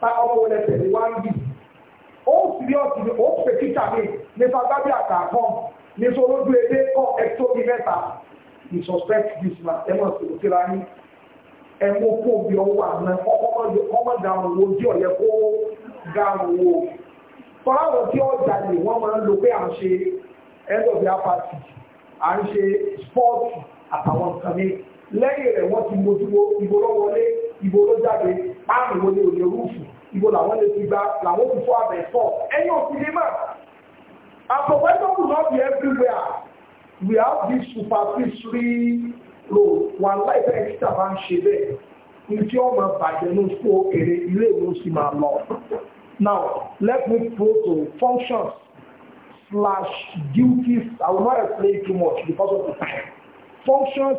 ta ọmọ wọlé tẹ̀lé wá ń bì ó sì ọ̀sì ni ó pè kíkà mi ní fagbábí àtàkọ́ ní sọ́lójú ẹgbẹ́ kọ́ ẹ̀tọ́ bí mẹ́ta ní suspect this man ẹ̀mọ́ sí òkè láyé ẹ̀mọ́ kó bí ọwọ́ àná ọmọdé ọmọdé àwọn owó ojú ọ̀yẹ́ kó dáhùn owó fọ́láwọ̀ tí ó jalè wọ́n máa ń lo pé à ń ṣe end of year party à ń ṣe spọ́ọ̀tì àtàwọn nǹkan mi lẹ́yìn rẹ̀ wọ́n ti mojúwo ibo ló wọlé ibo ló jáde páàmù wọlé òye rúùfù ibo làwọn lè ti gba làwọn ti fọ́ abẹ́ fọ́ ẹ̀yìn òsì lè mà. àpòpẹ́tọ̀ will not be everywhere we have this super superficial role wọn láìpẹ́ ìtàbá ń ṣe bẹ́ẹ̀ ní tí ó máa bàjẹ́ ní oṣù òkèrè ilé ìwé ó sì máa lọ. Now, let me go to functions slash duties. I will not explain too much because of the time. Functions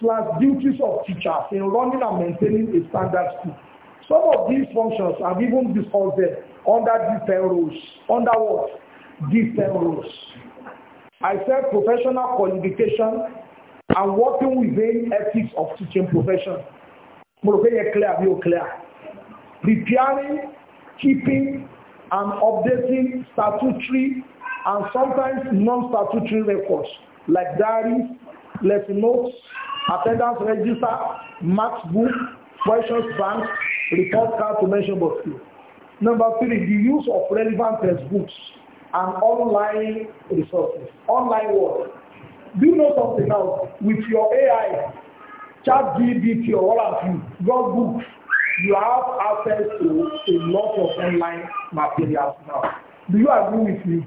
slash duties of teachers in running and maintaining a standard school. Some of these functions are even discussed under different rules. Under what? Different rules. I said professional qualification and working within ethics of teaching profession. Mo rò pé yẹ clear bí o clear. Preparing keeping and updating statutory and sometimes non-statutory records like diaries, lesson notes, attendance register, marks book, questions bank, report card to mention but few. Number three, the use of relevant textbooks and online resources. Online work. Do you know something else? With your AI, chat GPT or all of you, God books, you have access to a lot of online materials now. Do you agree with me?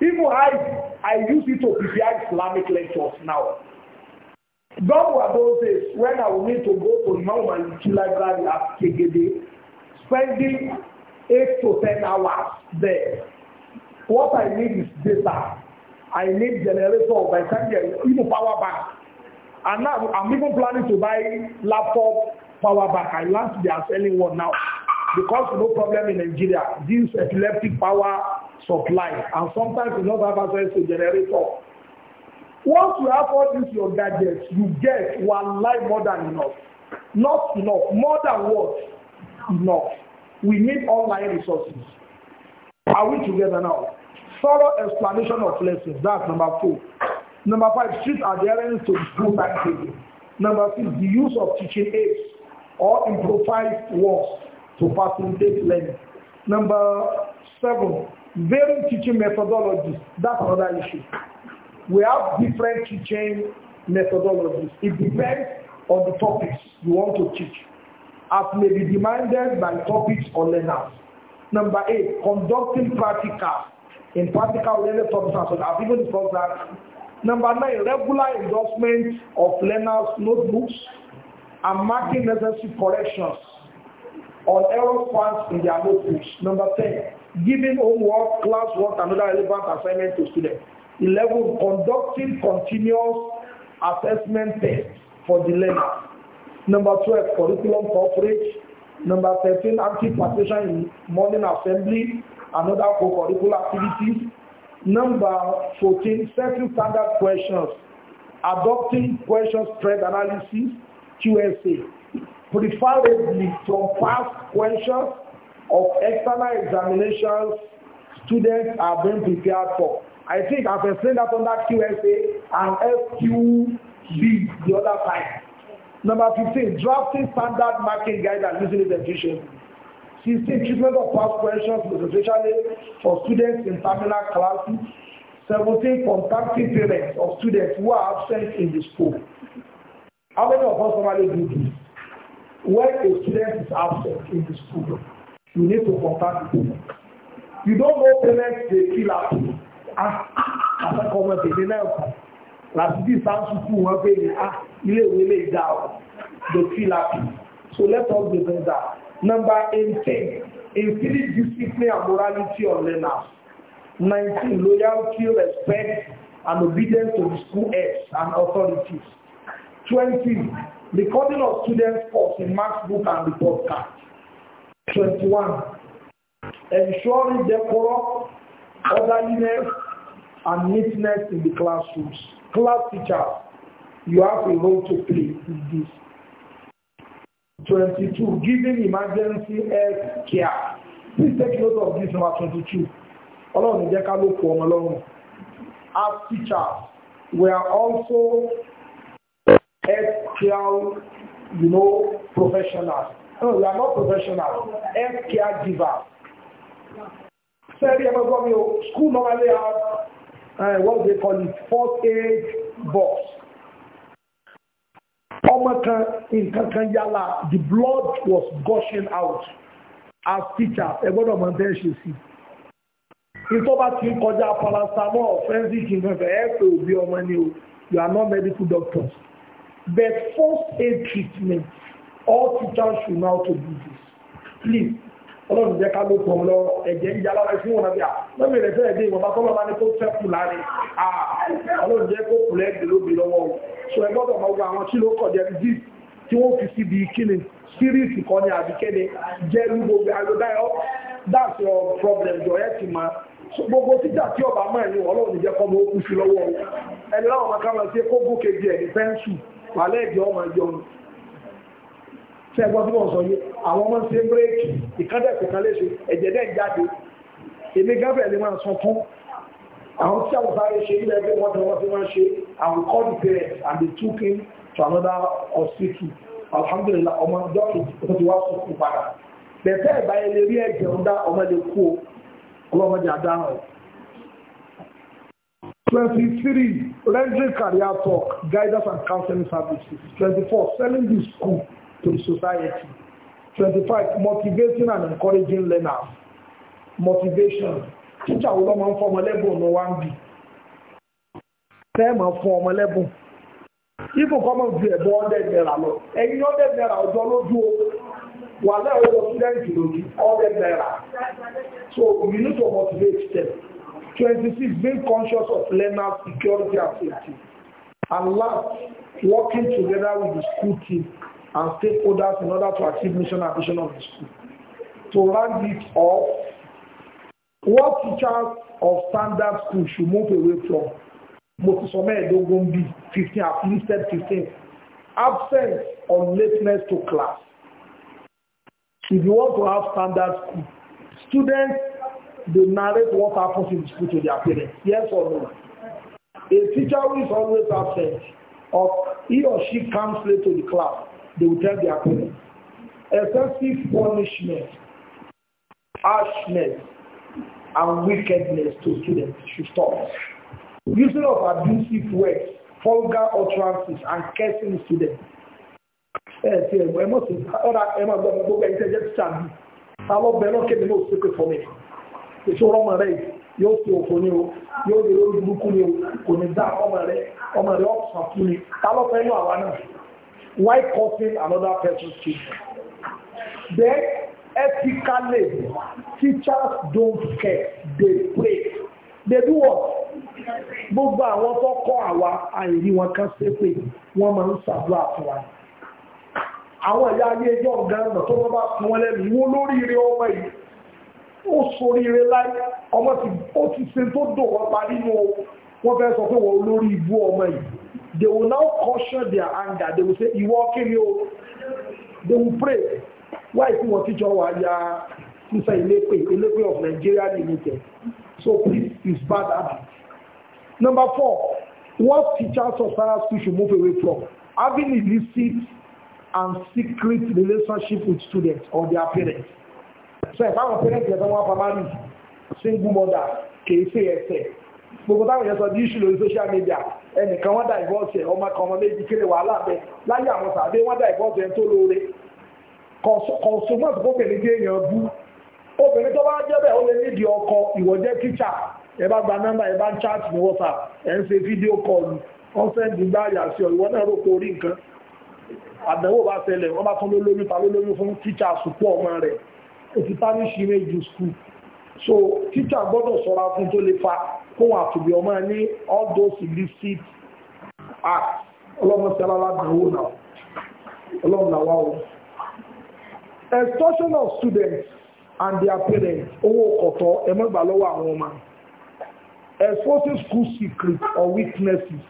Even I, I use it to prepare Islamic lectures now. Gone were those days when I would need to go to Imam Maliki Library at Kegede, spending eight to ten hours there. What I need is data. I need generator by time, even power bank. And now I'm even planning to buy laptop power back. I learned they are selling one now. Because no problem in Nigeria, this epileptic power supply, and sometimes you don't have access to generator. Once you have all these your gadgets, you get one life more than enough. Not enough, more than what? Enough. We need online resources. Are we together now? Thorough explanation of lessons, that's number four. Number five, strict adherence to the school timetable. Number six, the use of teaching aids or improvised words to facilitate learning. Number seven, varying teaching methodologies. That's another issue. We have different teaching methodologies. It depends on the topics you want to teach, as may be demanded by topics or learners. Number eight, conducting practicals. In practical learning topics, I've even discussed that. Number nine, regular endorsement of learners' notebooks and marking necessary corrections on error points in their notebooks. Number 10, giving homework, classwork, and other relevant assignments to students. 11, conducting continuous assessment tests for the learner. Number 12, curriculum coverage. Number 13, active participation in morning assembly and other co-curricular activities. Number 14, setting standard questions, adopting question spread analysis, QSA, preferably from past questions of external examinations students are being prepared for. I think I've explained that under QSA and FQB the other time. Number 15, drafting standard marking guide and using it efficiently. 16, treatment of past questions, especially for students in terminal classes. 17, contacting parents of students who are absent in the school. How many of us normally do this? When a student is absent in the school, you need to contact the parent. You don't know parents dey kill out you. Ah, àtàkọ́mọ tèmi náà kọ̀. Làtìdí sáńsùkú wọn pé ní ah ilé ìwé lè dá ọ. Dey kill out you. So let us be that. Number eighteen, infinite discipline and morality on learners. 19, loyalty, respect and obedience to the school heads and authorities. 20. Recording of students' course in math book and report card. 21. Ensuring decorum, orderliness, and neatness in the classrooms. Class teachers, you have a role to play in this. 22. Giving emergency health care. Please take note of this number 22. Ọlọ́run jẹ́ ká ló kọ ọmọ lọ́rùn. As teachers, we are also healthcare, you know, professionals. No, we are not professionals. Healthcare givers. Sorry, I'm going to school normally have uh, what they call it, first aid box. Ọmọ kan nǹkan kan yálà the blood was gushing out as teacher ẹ gbọ́dọ̀ mọ̀ bẹ́ẹ̀ ṣe sí. Ìtọ́ bá ti ń kọjá paracetamol frenzy kìnnìkan ẹ̀ pé òbí ọmọ ni o you are not medical doctors. But first aid treatment, all teachers should know to do this. Please, ọlọ́run jẹ́ ká ló pọ̀ lọ ẹ̀jẹ̀ ìjà lára fún wọn bí i lọ́mí rẹ̀ fẹ́ẹ̀ dé ìwọ̀n bá tọ́lọ́ bá ní tó fẹ́kù láàrin ọlọ́run jẹ́ kó kùlẹ̀ èdè lóbi lọ́wọ́ so ẹ gbọ́dọ̀ máa gba àwọn tí ló kọjá dí tí wọ́n fi sí ibi kíni síríìsì kan ní àbíkẹ́ni jẹ́ ní gbogbo agbẹ́dáyọ́ that's your problem jọ ẹ ti máa gbogbo títà tí ọba máa ń lò ọlọ́run jẹ́ kọ́ wàlẹ́ ìjọ ọmọ ìjọ ọmọ ṣe ẹgbọ́n tí wọ́n sọ yé àwọn ọmọ ṣe bírèkì ìkádẹ́kù kan léṣe ẹ̀jẹ̀ dẹ́ jáde èmi gábẹ̀ lè máa sọ fún àwọn tí àwọn sáré ṣe ilẹ̀ ẹgbẹ́ wọn tí wọ́n ti máa ṣe àwọn call the parents and they took him to another hospital alhamdulillah ọmọ dọ́kì tó ti wá sọ̀kù padà bẹ̀tẹ̀ ìbáyẹlẹ rí ẹ̀jẹ̀ ń dá ọmọ lè kú ọlọ́mọdé adáhùn 23 rendering career talk guidance and counseling services 24 selling the school to the society 25 motivating and encouraging learners motivation teacher wo ló máa ń fọ ọmọ lẹ́bùn ní one b tẹ́ẹ̀ máa fọ ọmọ lẹ́bùn ibùn kọ́ máa ń ju ẹ̀bùn hundred naira there ẹ̀yin hundred naira ọjọ́ lójú o wà lẹ́yìn ọjọ́ student lójú hundred naira so you need to motivate them. 26 being conscious of learner security and safety and last working together with the school team and stakeholders in order to achieve mission and vision of the school to round it off what teachers of standard school should move away from mo ti sọ mẹ́ẹ̀ẹ́dógún bíi fifteen at least fifteen absence or lateness to class if you want to have standard school students they narrate what happens in school to their parents. Yes or no? A teacher who is always absent, or he or she comes late to the class, they will tell their parents. Excessive punishment, harshness, and wickedness to students should stop. Using of abusive words, vulgar utterances, and cursing students. Ẹ ti ọ̀rọ̀ ẹ máa gbogbo ẹ̀ ń ti sàbí. Ta lọ bẹ̀rẹ̀ kébì náà ó fún mi èso ọmọ rẹ̀ yóò fi òfò ní o yóò lè lórí burúkú ní o kò ní dá ọmọ rẹ̀ ọmọ rẹ̀ ọ̀sán fún ni ta ló àwa náà why causing another person's children then ethically teachers don't care they pray they do what gbogbo àwọn tó kọ́ àwa àìrí wọn kan ṣépè wọ́n máa ń ṣàdúrà fún wa àwọn ìyá ayé ẹjọ́ ọ̀gá ọ̀nà tó wọ́n bá fún wọn lẹ́nu wọ́n lórí ire ọmọ yìí ó soríire láì ọmọ tí ó ti ṣe tó dùn wọn parí nù wọn fẹ́ sọ pé wọn olórí ibú ọmọ yìí they will now caution their anger they will say ìwọ kiri o they will pray why tí wọn tíjọ wà ya sísá ilépe ilépe of Nigeria limited so please it's bad habits. number four what teachers of Sarah school should move away from having illicit and secret relationship with students or their parents sọ ẹ̀ fáwọn pẹ́rẹ́ǹtì ẹ̀sán wọn pàmárì single mother kìí ṣe ẹ̀sẹ̀ gbogbo táwọn yẹn sọ di issue lórí social media ẹnìkan wọ́n divorce ọmọ kan ọmọ méjì kéré wàhálà bẹ láyé àwọn sàbẹ wọ́n divorce ẹni tó lóore kọ̀ọ̀sùmọ̀ tó bóbìnrin dé èèyàn bú obìnrin tó bá jẹ́ bẹ́ẹ̀ ó lè nídìí ọkọ ìwọ jẹ́ tíṣà ẹ bá gba nọ́mbà ẹ bá ń chat ní WhatsApp ẹ ń ṣe fídíò kọlù wọ́n sẹ́ndì gbá àyà sí ọ ìwọ náà rò pé orí nǹkan àdánwò bá ṣẹlẹ̀ wọ́n bá tún lólóyún ta lólóyún fún tíṣà sùpọ̀ ọmọ rẹ̀ òfin táníṣì méjì skul so teacher gbọ́dọ̀ sọ́ra fún tó lè fa kóhun àtòbí ọmọ ní all those illicit acts ọlọ́mọ sí alálàdánwò náà ọlọ́run làwà o extortion of students and their parents owó kọ̀tọ̀ ẹ̀mọ́gbà lọ́wọ́ àwọn ọmọ exposing school secrets or weaknesses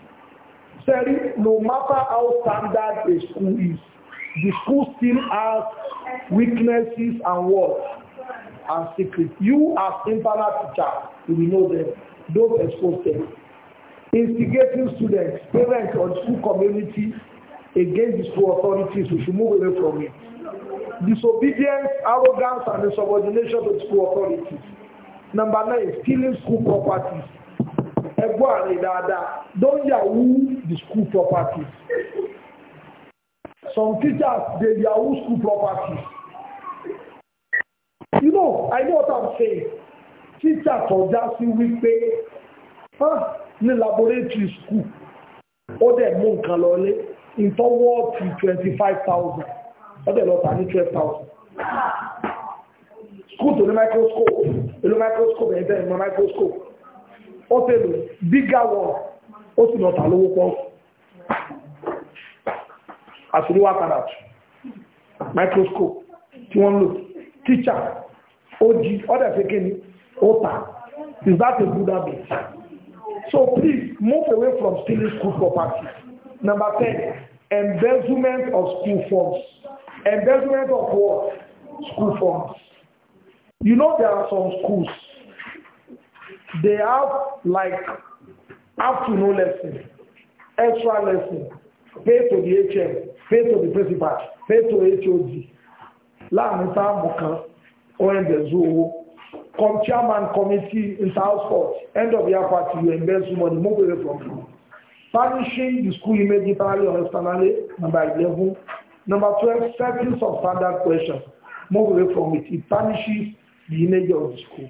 sẹ́rí no matter how standard a school is the school still has weaknesses and words And secrets. You as internal teacher, you will know them. Don't expose them. Instigating students, parents, or school community against the school authorities, we should move away from it. Disobedience, arrogance, and insubordination to school authorities. Number nine, stealing school properties. Ẹgbọ́n àrè dáadáa, don't yahoo the school properties. Some teachers, they yahoo school property. You know, I know what I'm saying. Teachers ọ̀já sí wípé ní laboratory school, ó dẹ̀ mú in lọlé, ìtọ́wọ́ ti twenty five thousand, ó dẹ̀ lọ tà ní twelve thousand. School tó ní microscope, èlò microscope ẹ̀yìn tẹ́lẹ̀ mọ́ microscope. Ó tẹ̀lé bigger one, ó sì lọ tà lówó pọ́ńkù àṣírí wà padà tù microscope tí wọ́n lò teacher og ọ̀dẹ̀ fẹ́ kéde ota is that a good habit so please move away from stealing school property number ten embezzlement of school funds embezzlement of what school funds you know there are some schools they have like afternoon lesson extra lesson pay to the HM faith of the principal faith of HOD láàrin táàmù kan ọ̀rẹ́dẹ̀zú e owó com chairman committee inter-house sport end of year party you invest money move away from you punishing the school immediately or externally number eleven number twelve setting substandard questions move away from it it punishes the image of the school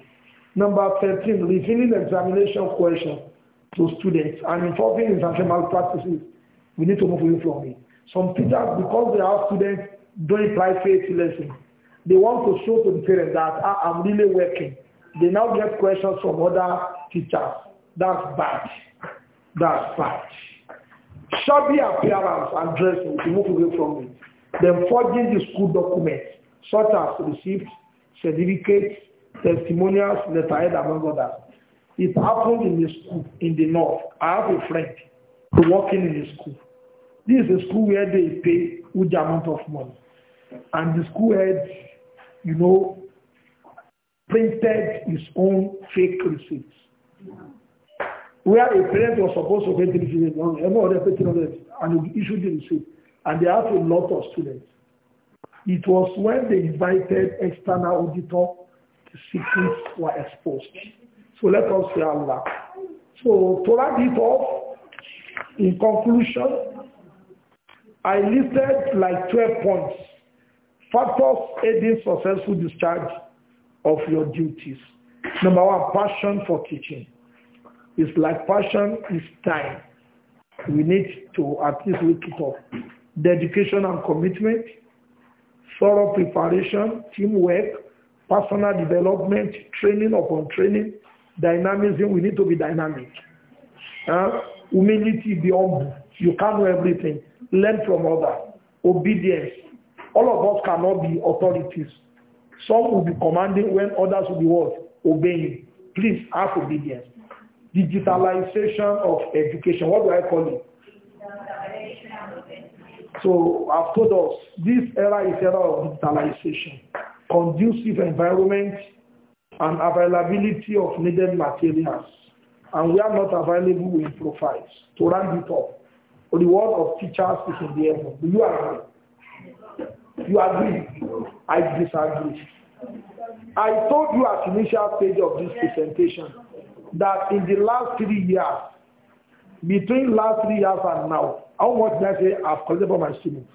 number thirteen revealing examination questions to students and involving international practices we need to move away from it. Some teachers, because they have students doing private lessons, they want to show to the parents that ah, I'm really working. They now get questions from other teachers. That's bad. That's bad. Shabby appearance and dressing to move away from it. Then forging the school documents, such as receipts, certificates, testimonials, letterhead, among others. It happened in the school in the north. I have a friend working in the school. This is a school where they pay huge amount of money. And the school head, you know, printed his own fake receipts. Where a parent was supposed to pay 300, every other paid 300, and he issued the receipt. And they had a lot of students. It was when they invited external auditor, the secrets were exposed. So let us say Allah. So to wrap it off, in conclusion, I listed like 12 points. Factors aiding successful discharge of your duties. Number one, passion for teaching. It's like passion is time. We need to at least look it up. Dedication and commitment, thorough preparation, teamwork, personal development, training upon training, dynamism. We need to be dynamic. Uh, humility, be humble. You can't do everything. Learn from others. Obedience. All of us cannot be authorities. Some will be commanding when others will be what? Obeying. Please have obedience. Digitalization of education. What do I call it? So I've told us this era is era of digitalization, conducive environment and availability of needed materials. And we are not available with profiles to run it up. The reward of teachers is in the heaven. Do you agree? You agree? I disagree. I told you at initial stage of this presentation that in the last three years, between last three years and now, how much did I say I've collected from my students?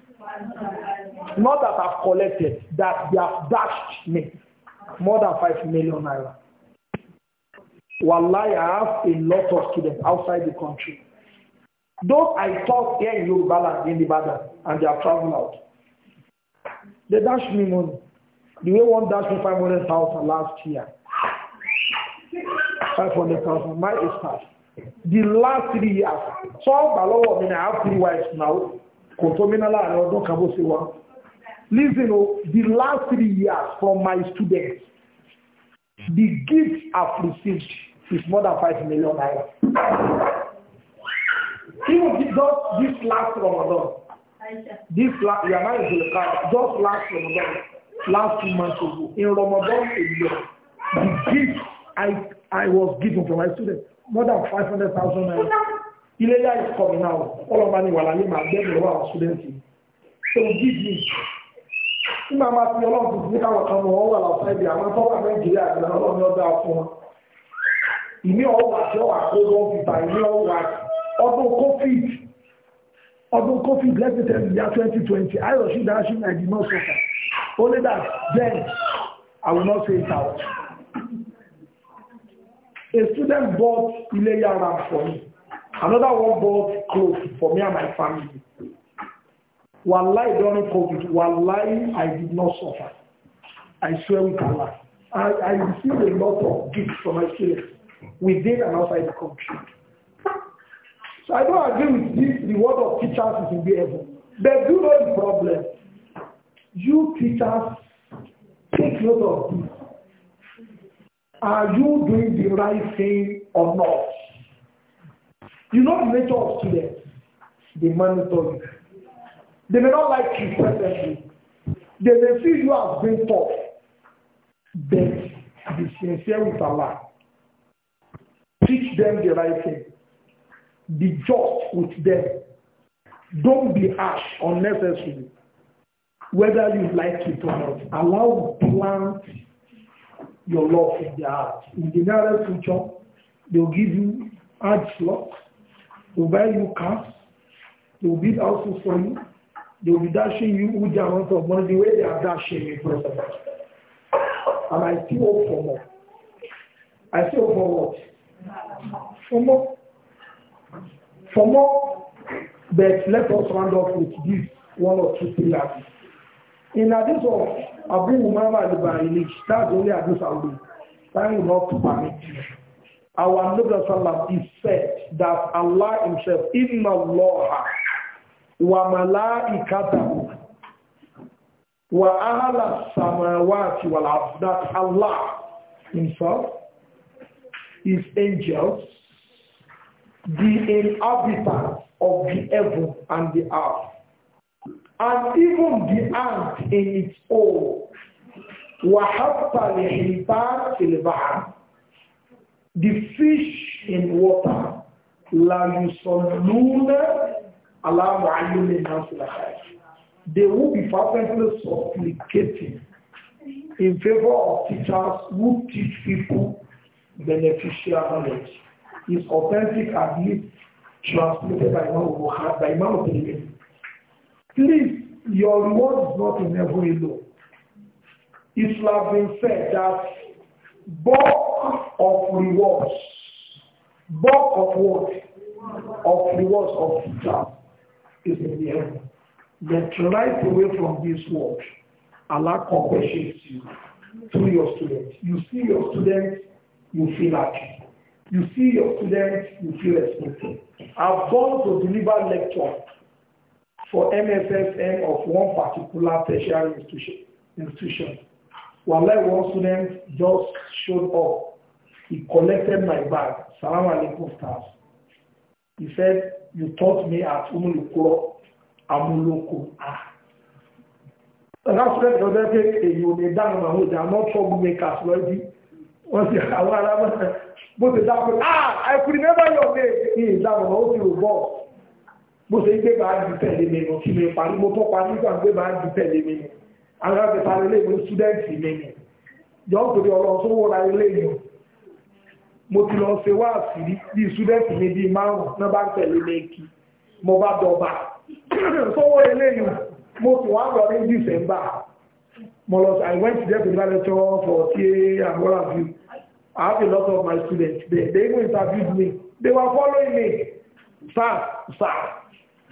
Not that I've collected, that they have dashed me more than five million naira. Wallahi, I have a lot of students outside the country Those I taught here in Yoruba land in Ibadan, and they are traveling out. They dashed me money. The way one dashed me 500,000 last year. 500,000, my is The last three years, some below me, I have three wives now. I don't and Odun one. Listen, oh, the last three years from my students, the gifts I've received is more than 5 million naira. Even just this last Ramadan, this last, you are not in Zulqaada, just last Ramadan, last two months ago, in Ramadan alone, the gift I, I was given for my students, more than 500,000 naira. Iléyá is coming out. All of money wà láyé máa gbẹ́gbẹ̀ wà students So give me. Nígbà máa fi ọlọ́run tuntun ní káwọn kan wọ́n wà láwọn ṣáìdì àwọn tó wà Nàìjíríà ìlànà ọlọ́run ọdọ àfún wọn. Ìmí ọwọ́ àti ọwọ́ àkójọ ń fi ọwọ́ àti ọdún covid ọdún covid let me tell you year 2020 I in that Hashim I did not suffer only that then I will not say it out a student bought ilé for me another one bought clothes for me and my family Wallahi during COVID, Wallahi, I did not suffer. I swear with Allah. I, I received a lot of gifts from my students within and outside the country. So I don't agree with this reward of teachers is in the heaven. But do you know the problem? You teachers, take note of this. Are you doing the right thing or not? You know the nature of students. They monitor you. They may not like you presently. They may feel you as being tough. But be sincere with Allah. Teach them the right thing. Be just with them. Don't be harsh unnecessarily. Whether you like it or not, allow plant your love in their heart. In the nearest future, they'll give you hard slots, they'll buy you cars, they'll build houses for you, they'll be dashing you with the amount of money the way they are dashing you, first of all. And I still hope for more. I still hope for what? For more. For more, but let us round off with this one or two pillars. In addition of Abu Umama al-Bahili, that's only Abu Saudi. That is not to permit you. Our Nabi Sallam is said that Allah himself, Inna Allah wa malaikatahu wa ahla samawati wal that Allah himself, his angels, the inhabitants of the heaven and the earth, and even the ant in its own. وَحَتَّى الْحِيتَانِ فِي الْبَحْرِ The fish in water. لَا يُصَلُّونَ عَلَى مُعَلِّمِ النَّاسِ الْخَيْرِ They will be fervently supplicating in favor of teachers who teach people beneficial knowledge is authentic and is transmitted by Imam Bukhari, by Imam Tirmidhi. Please, your reward is not in heaven alone. It has been said that bulk of rewards, bulk of what? Of rewards of job is in the heaven. Then right away from this world, Allah compassions you to your students. You see your students, you feel happy. You see your students, you feel respected. I've gone to deliver lecture for MSSM of one particular tertiary institution. institution. While I one student just showed up, he collected my bag, Salam Alaikum stars. He said, you taught me at Umulukuro, Amuloko. Ah. And that's when the other day, you made down my hood, they are not troublemakers, wọ́n ti àwọn arábàtà bó ṣe dákọ̀ ah I could remember your name ní ìdáhùn ó ti rò bọ́ bó ṣe gbé bá di tẹ̀lé mi nù kí mi parí mo tọ́ parí nígbà gbé bá di tẹ̀lé mi nù àwọn ọ̀sẹ̀ parí lé ìwé ṣúdẹ́ǹtì mi nù jọ ń torí ọlọ́run tó wọ́n ra ilé yìí mo ti lọ ṣe wá àṣírí bí ṣúdẹ́ǹtì mi bíi márùn náà bá ń tẹ̀lé mi kí mo bá dọ̀bà sọ́wọ́ ilé yìí mo sì wá lọ ní December mo lọ I went to there to develop for ta àbúrò àbí I have a lot of my students. They, they even interviewed me. They were following me. Sir, sir.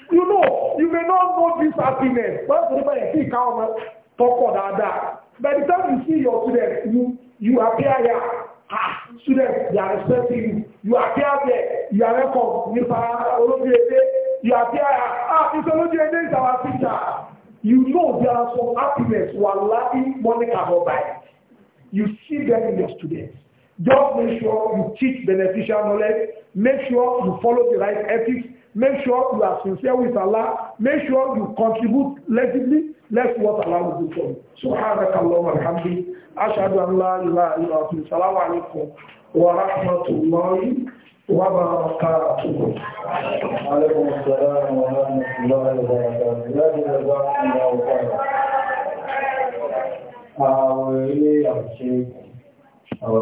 You know, you may not know this happiness. But remember, see Kalman talk on that. By the time you see your students, you, you appear here. Ah, students, they are respecting you. You appear there. You are welcome. You are Olodiede. You appear here. Ah, Mr. Olodiede is our teacher. You know there are some happiness. Wallahi, Monica Mobile. You see them in your students. Just make sure you teach beneficial knowledge. Make sure you follow the right ethics. Make sure you are sincere with Allah. Make sure you contribute legibly. That's what Allah will do for you. سبحانك اللهم وبحمدك أشهد أن لا إله إلا أنت السلام عليكم ورحمة الله وبركاته. وعليكم السلام ورحمة الله وبركاته. لا جزاكم الله خيرا. أعوذ بالله